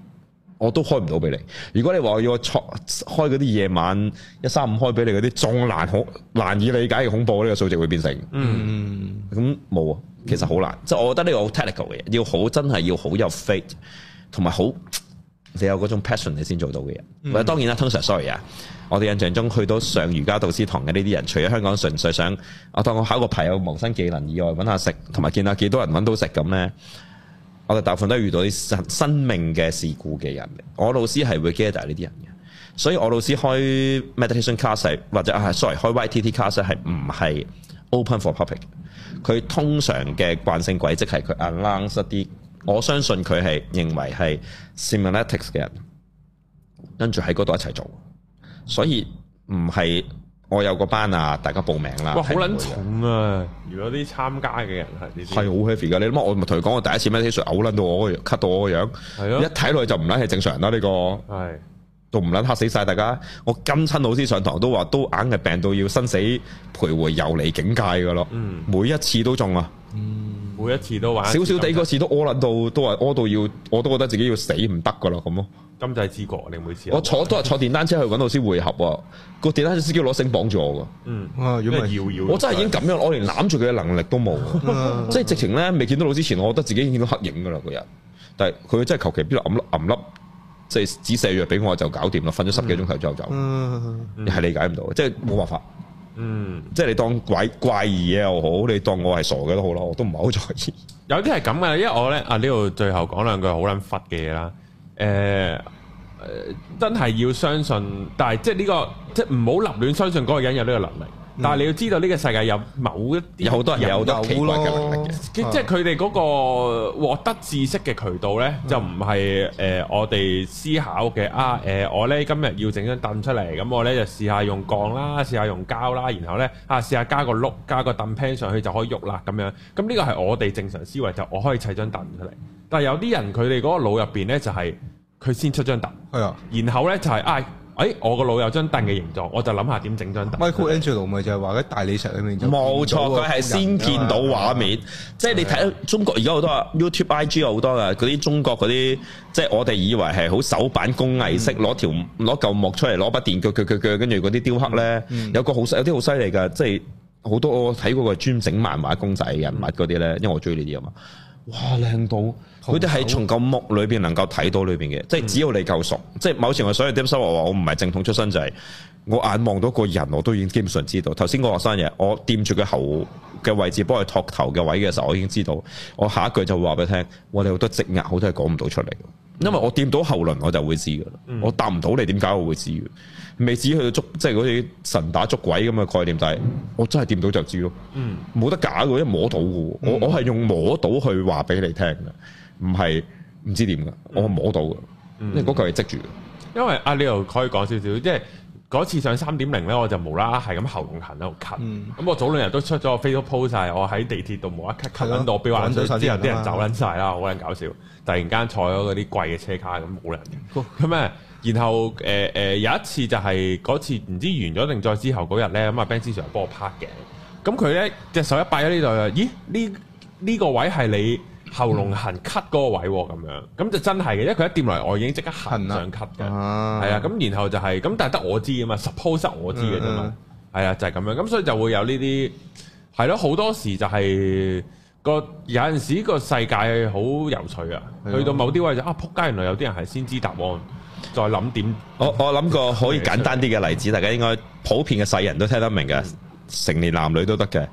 我都開唔到俾你。如果你話我要開嗰啲夜晚一三五開俾你嗰啲，仲難恐難以理解嘅恐怖，呢個數值會變成嗯嗯。嗯，咁冇啊，其實好難。即係、嗯、我覺得呢個好 technical 嘅嘢，要好真係要好有 faith，同埋好你有嗰種 passion 你先做到嘅嘢。嗯、或者當然啦，通常 sorry 啊，我哋印象中去到上瑜伽導師堂嘅呢啲人，除咗香港純粹想我當我考個牌，我謀生技能以外，揾下食，同埋見下幾多人揾到食咁呢。我哋大部分都係遇到啲生命嘅事故嘅人，我老師係會 gather 呢啲人嘅，所以我老師開 meditation class 或者啊 sorry 開 YTT class 係唔係 open for public，佢通常嘅慣性軌跡係佢 announce 啲，我相信佢係認為係 semantics 嘅人，跟住喺嗰度一齊做，所以唔係。我有個班啊，大家報名啦。哇，好撚重啊！如果啲參加嘅人係，係好 happy 㗎。你諗我咪同佢講，我第一次咩啲水，oul, 嘔撚到我個樣，咳到我個樣，的一睇落去就唔撚係正常啦。呢、呢個係，仲唔撚嚇死晒大家？我跟親老師上堂都話，都硬係病到要生死徘徊遊離境界㗎咯。嗯、每一次都中啊！嗯，每一次都玩少少地，嗰次都屙啦到，都話屙到要，我都覺得自己要死唔得噶啦咁咯。啊、金仔之國，你每次我坐都係坐電單車去搵老師會合，啊， 個電單車司機攞繩綁住我噶。嗯，哇麼，如果我真係已經咁樣，我連攬住佢嘅能力都冇， 即係直情咧未見到老師前，我覺得自己已經見到黑影噶啦個人。但係佢真係求其邊度揞粒，暗粒即係止瀉藥俾我就搞掂啦，瞓咗十幾鐘頭之後就，嗯，係理解唔到，即係冇辦法。嗯，即係你當怪、怪異嘢又好，你當我係傻嘅都好啦，我都唔係好在意。有啲係咁嘅，因為我呢啊呢度最後講兩句好撚忽嘅嘢啦。誒、呃呃，真係要相信，但係即係、這、呢個即係唔好立亂相信嗰個人有呢個能力。但係你要知道呢個世界有某一、嗯、有好多人有啲奇怪嘅能力，嗯、即係佢哋嗰個獲得知識嘅渠道呢，就唔係誒我哋思考嘅啊！誒、呃、我呢，今日要整張凳出嚟，咁我呢，就試下用鋼啦，試下用膠啦，然後呢，啊試下加個碌，加個凳 pan 上去就可以喐啦咁樣。咁、嗯、呢、這個係我哋正常思維，就是、我可以砌張凳出嚟。但係有啲人佢哋嗰個腦入邊呢，就係佢先出張凳，的然後呢，就係、是、唉。啊誒、欸，我個腦有張凳嘅形狀，我就諗下點整張凳。Michael Angelo 度咪就係話大理石裏面。冇錯，佢係先見到畫面，即係、啊、你睇中國而家好多 YouTube、IG 有好多噶，嗰啲中國嗰啲，即、就、係、是、我哋以為係好手板工藝式，攞、嗯、條攞嚿木出嚟，攞把電鋸鋸鋸鋸，跟住嗰啲雕刻咧，嗯、有個好有啲好犀利噶，即係好多我睇嗰個專整漫畫公仔人物嗰啲咧，因為我鍾意呢啲啊嘛，哇靚到～佢哋係從個木裏邊能夠睇到裏邊嘅，即係只要你夠熟，嗯、即係某程度上。David 話：我唔係正統出身，就係、是、我眼望到個人，我都已經基本上知道。頭先個學生嘢，我掂住佢後嘅位置幫佢托頭嘅位嘅時候，我已經知道。我下一句就會話俾你聽。你我哋好多積壓，好多係講唔到出嚟，因為我掂到後輪我就會知嘅。我答唔到你點解我會知，未至於去到捉，即係嗰啲神打捉鬼咁嘅概念。但係我真係掂到就知咯，冇得假嘅，因為摸到嘅。嗯、我我係用摸到去話俾你聽嘅。唔係唔知點噶，我摸到嘅、嗯嗯，因為嗰嚿嘢積住。因為啊，你又可以講少少，即係嗰次上三點零咧，我就無啦啦係咁喉嚨痕喺度咳。咁、嗯、我早兩日都出咗 Facebook p o 鋪曬，我喺地鐵度無啦啦咳咳到我俾眼水，啲人啲人走撚晒啦，好鬼搞笑。突然間坐咗嗰啲貴嘅車卡，咁冇人嘅。咁啊、嗯，然後誒誒、呃呃、有一次就係、是、嗰次唔知完咗定再之後嗰日咧，咁啊 Ben 先生幫我拍嘅。咁佢咧隻手一擺喺呢度，就咦呢呢個位係你， 你？喉嚨痕咳嗰個位喎，咁樣咁就真係嘅，因為佢一掂落嚟，我已經即刻痕上咳嘅，係啊，咁然後就係、是、咁，但係得我知啊嘛，suppose 我知嘅啫嘛，係啊、嗯，就係、是、咁樣，咁所以就會有呢啲係咯，好多時就係、是、個有陣時個世界好有趣啊，的去到某啲位就啊，仆街，原來有啲人係先知答案，再諗點。我我諗個可以簡單啲嘅例子， 大家應該普遍嘅世人都聽得明嘅，成年男女都得嘅，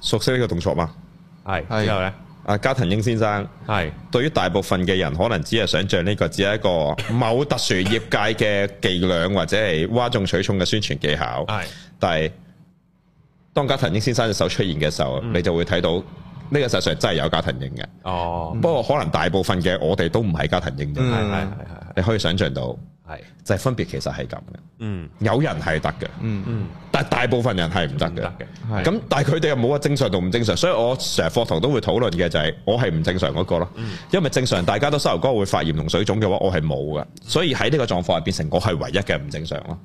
熟悉呢個動作嘛。係之後咧，阿加藤英先生係，是對於大部分嘅人，可能只係想象呢個只係一個某特殊業界嘅伎倆，或者係嘩眾取寵嘅宣傳技巧。係是，但係當加藤英先生嘅手出現嘅時候，嗯、你就會睇到呢、呢個世上真係有加藤英嘅。哦，不過可能大部分嘅我哋都唔係加藤英嘅。係係係係，的你可以想象到。係。就係分別，其實係咁嘅。嗯，有人係得嘅。嗯嗯，但係大部分人係唔得嘅。唔得嘅。係。咁但係佢哋又冇話正常同唔正常，所以我成日課堂都會討論嘅就係我係唔正常嗰個咯。嗯。因為正常大家都膝頭哥會發炎同水腫嘅話，我係冇嘅，所以喺呢個狀況係變成我係唯一嘅唔正常咯。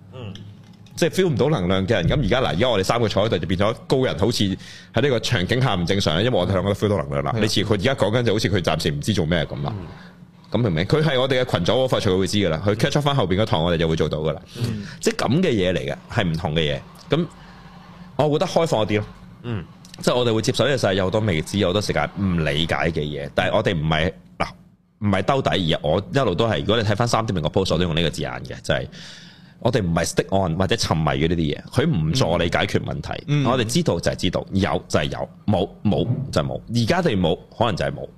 即係 feel 唔到能量嘅人，咁而家嗱，而家我哋三個坐喺度就變咗高人，好似喺呢個場景下唔正常，因為我哋兩個都 feel 到能量啦。嗯。你似佢而家講緊就好似佢暫時唔知做咩咁啦。嗯嗯。咁明明，佢係我哋嘅群組，我發出去佢會知噶啦。佢 catch up 翻後邊嗰堂，我哋就會做到噶啦。嗯、即係咁嘅嘢嚟嘅，係唔同嘅嘢。咁，我覺得開放啲咯。嗯，即係我哋會接受呢個世界有好多未知、好多時間唔理解嘅嘢。但係我哋唔係嗱，唔、啊、係兜底。而我一路都係，如果你睇翻三點半個 post 我都用呢個字眼嘅，就係、是、我哋唔係 stick on 或者沉迷於呢啲嘢。佢唔助你解決問題。嗯、我哋知道就係知道，有就係有，冇冇就係冇。而家哋冇，可能就係冇。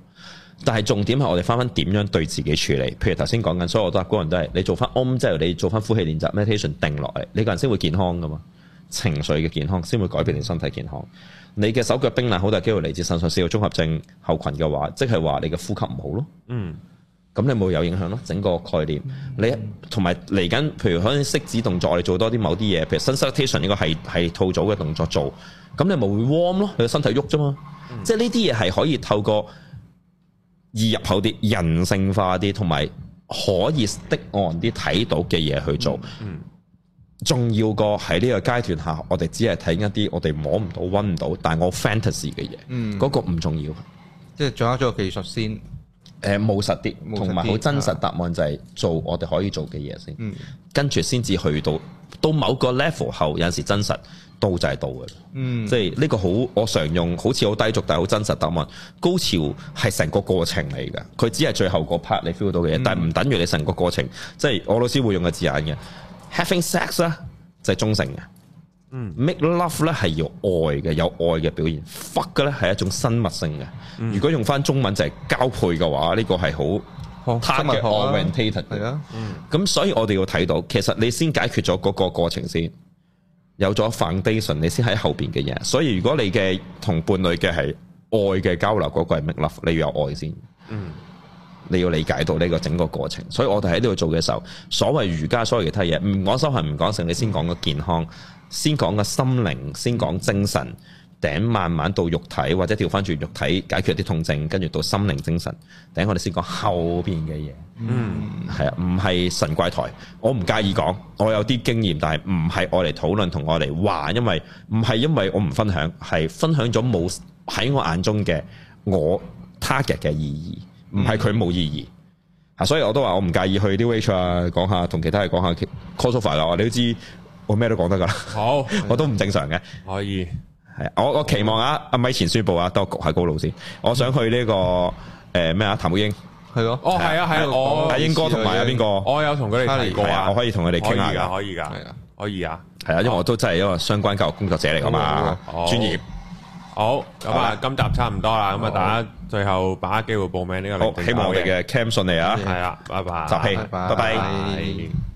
但係重點係我哋翻翻點樣對自己處理，譬如頭先講緊，所有都亞洲人都係你做翻 Om 之後，你做翻呼氣練習 meditation、mm hmm。定落嚟，你個人先會健康噶嘛？情緒嘅健康先會改變你身體健康。你嘅手腳冰冷好大機會嚟自腎上四個綜合症後群嘅話，即係話你嘅呼吸唔好咯。嗯、mm，咁、hmm。你冇有影響咯？整個概念，mm hmm。你同埋嚟緊，譬如可能息止動作，我哋做多啲某啲嘢，譬如 sun salutation 呢個係係套組嘅動作做，咁你咪會 warm 咯，你個身體喐啫嘛。Mm hmm。即係呢啲嘢係可以透過。易入口啲、人性化啲，同埋可以的案啲睇到嘅嘢去做，嗯，嗯，重要過喺呢個階段下，我哋只係睇一啲我哋摸唔到、搵唔到，但係我 fantasy 嘅嘢，嗯，嗰個唔重要，即係掌握咗個技術先，誒、呃，務實啲，同埋好真實答案就係做我哋可以做嘅嘢先，嗯，跟住先至去到到某個 level 後，有陣時真實。都就係度嘅，嗯、即係呢個好我常用，好似好低俗，但係好真實答案。高潮係成個過程嚟嘅，佢只係最後嗰 part 你 feel 到嘅嘢，嗯、但係唔等於你成個過程。即係我老師會用嘅字眼嘅、嗯、，having sex 咧就係中性嘅、嗯、，make love 咧係有愛嘅，有愛嘅表現、嗯、，fuck 咧係一種生物性嘅。嗯、如果用翻中文就係交配嘅話，呢、呢個係好 target oriented 嘅、嗯、所以我哋要睇到，其實你先解決咗嗰個過程先。有咗 foundation，你先喺後邊嘅嘢。所以如果你嘅同伴侶嘅係愛嘅交流，嗰個係 make love，你要有愛先。嗯，你要理解到呢個整個過程。所以我哋喺呢度做嘅時候，所謂瑜伽，所謂其他嘢唔講修行，唔講性，你先講個健康，先講個心靈，先講精神。頂慢慢到肉體，或者調翻轉肉體解決啲痛症，跟住到心靈精神頂。等我哋先講後邊嘅嘢，嗯，係啊，唔係神怪台，我唔介意講，我有啲經驗，但係唔係我嚟討論，同我嚟話，因為唔係因為我唔分享，係分享咗冇喺我眼中嘅我 target 嘅意義，唔係佢冇意義啊。嗯，所以我都話我唔介意去啲 reach 啊，講下同其他人講下 consult 翻啦。你都知我咩都講得噶啦，好，我都唔 正常嘅，可以。我我期望啊，阿米前宣布啊，多我下高老師。我想去呢個誒咩啊？譚寶英係咯，哦係啊係啊，我英哥同埋啊邊個？我有同佢哋係啊，我可以同佢哋傾下噶，可以噶，係啊，可以啊，係啊，因為我都真係一個相關教育工作者嚟噶嘛，專業。好，咁啊，今集差唔多啦，咁啊，大家最後把握機會報名呢個，好，希望我哋嘅 cam 順利啊，係啊，拜拜，集氣，拜拜。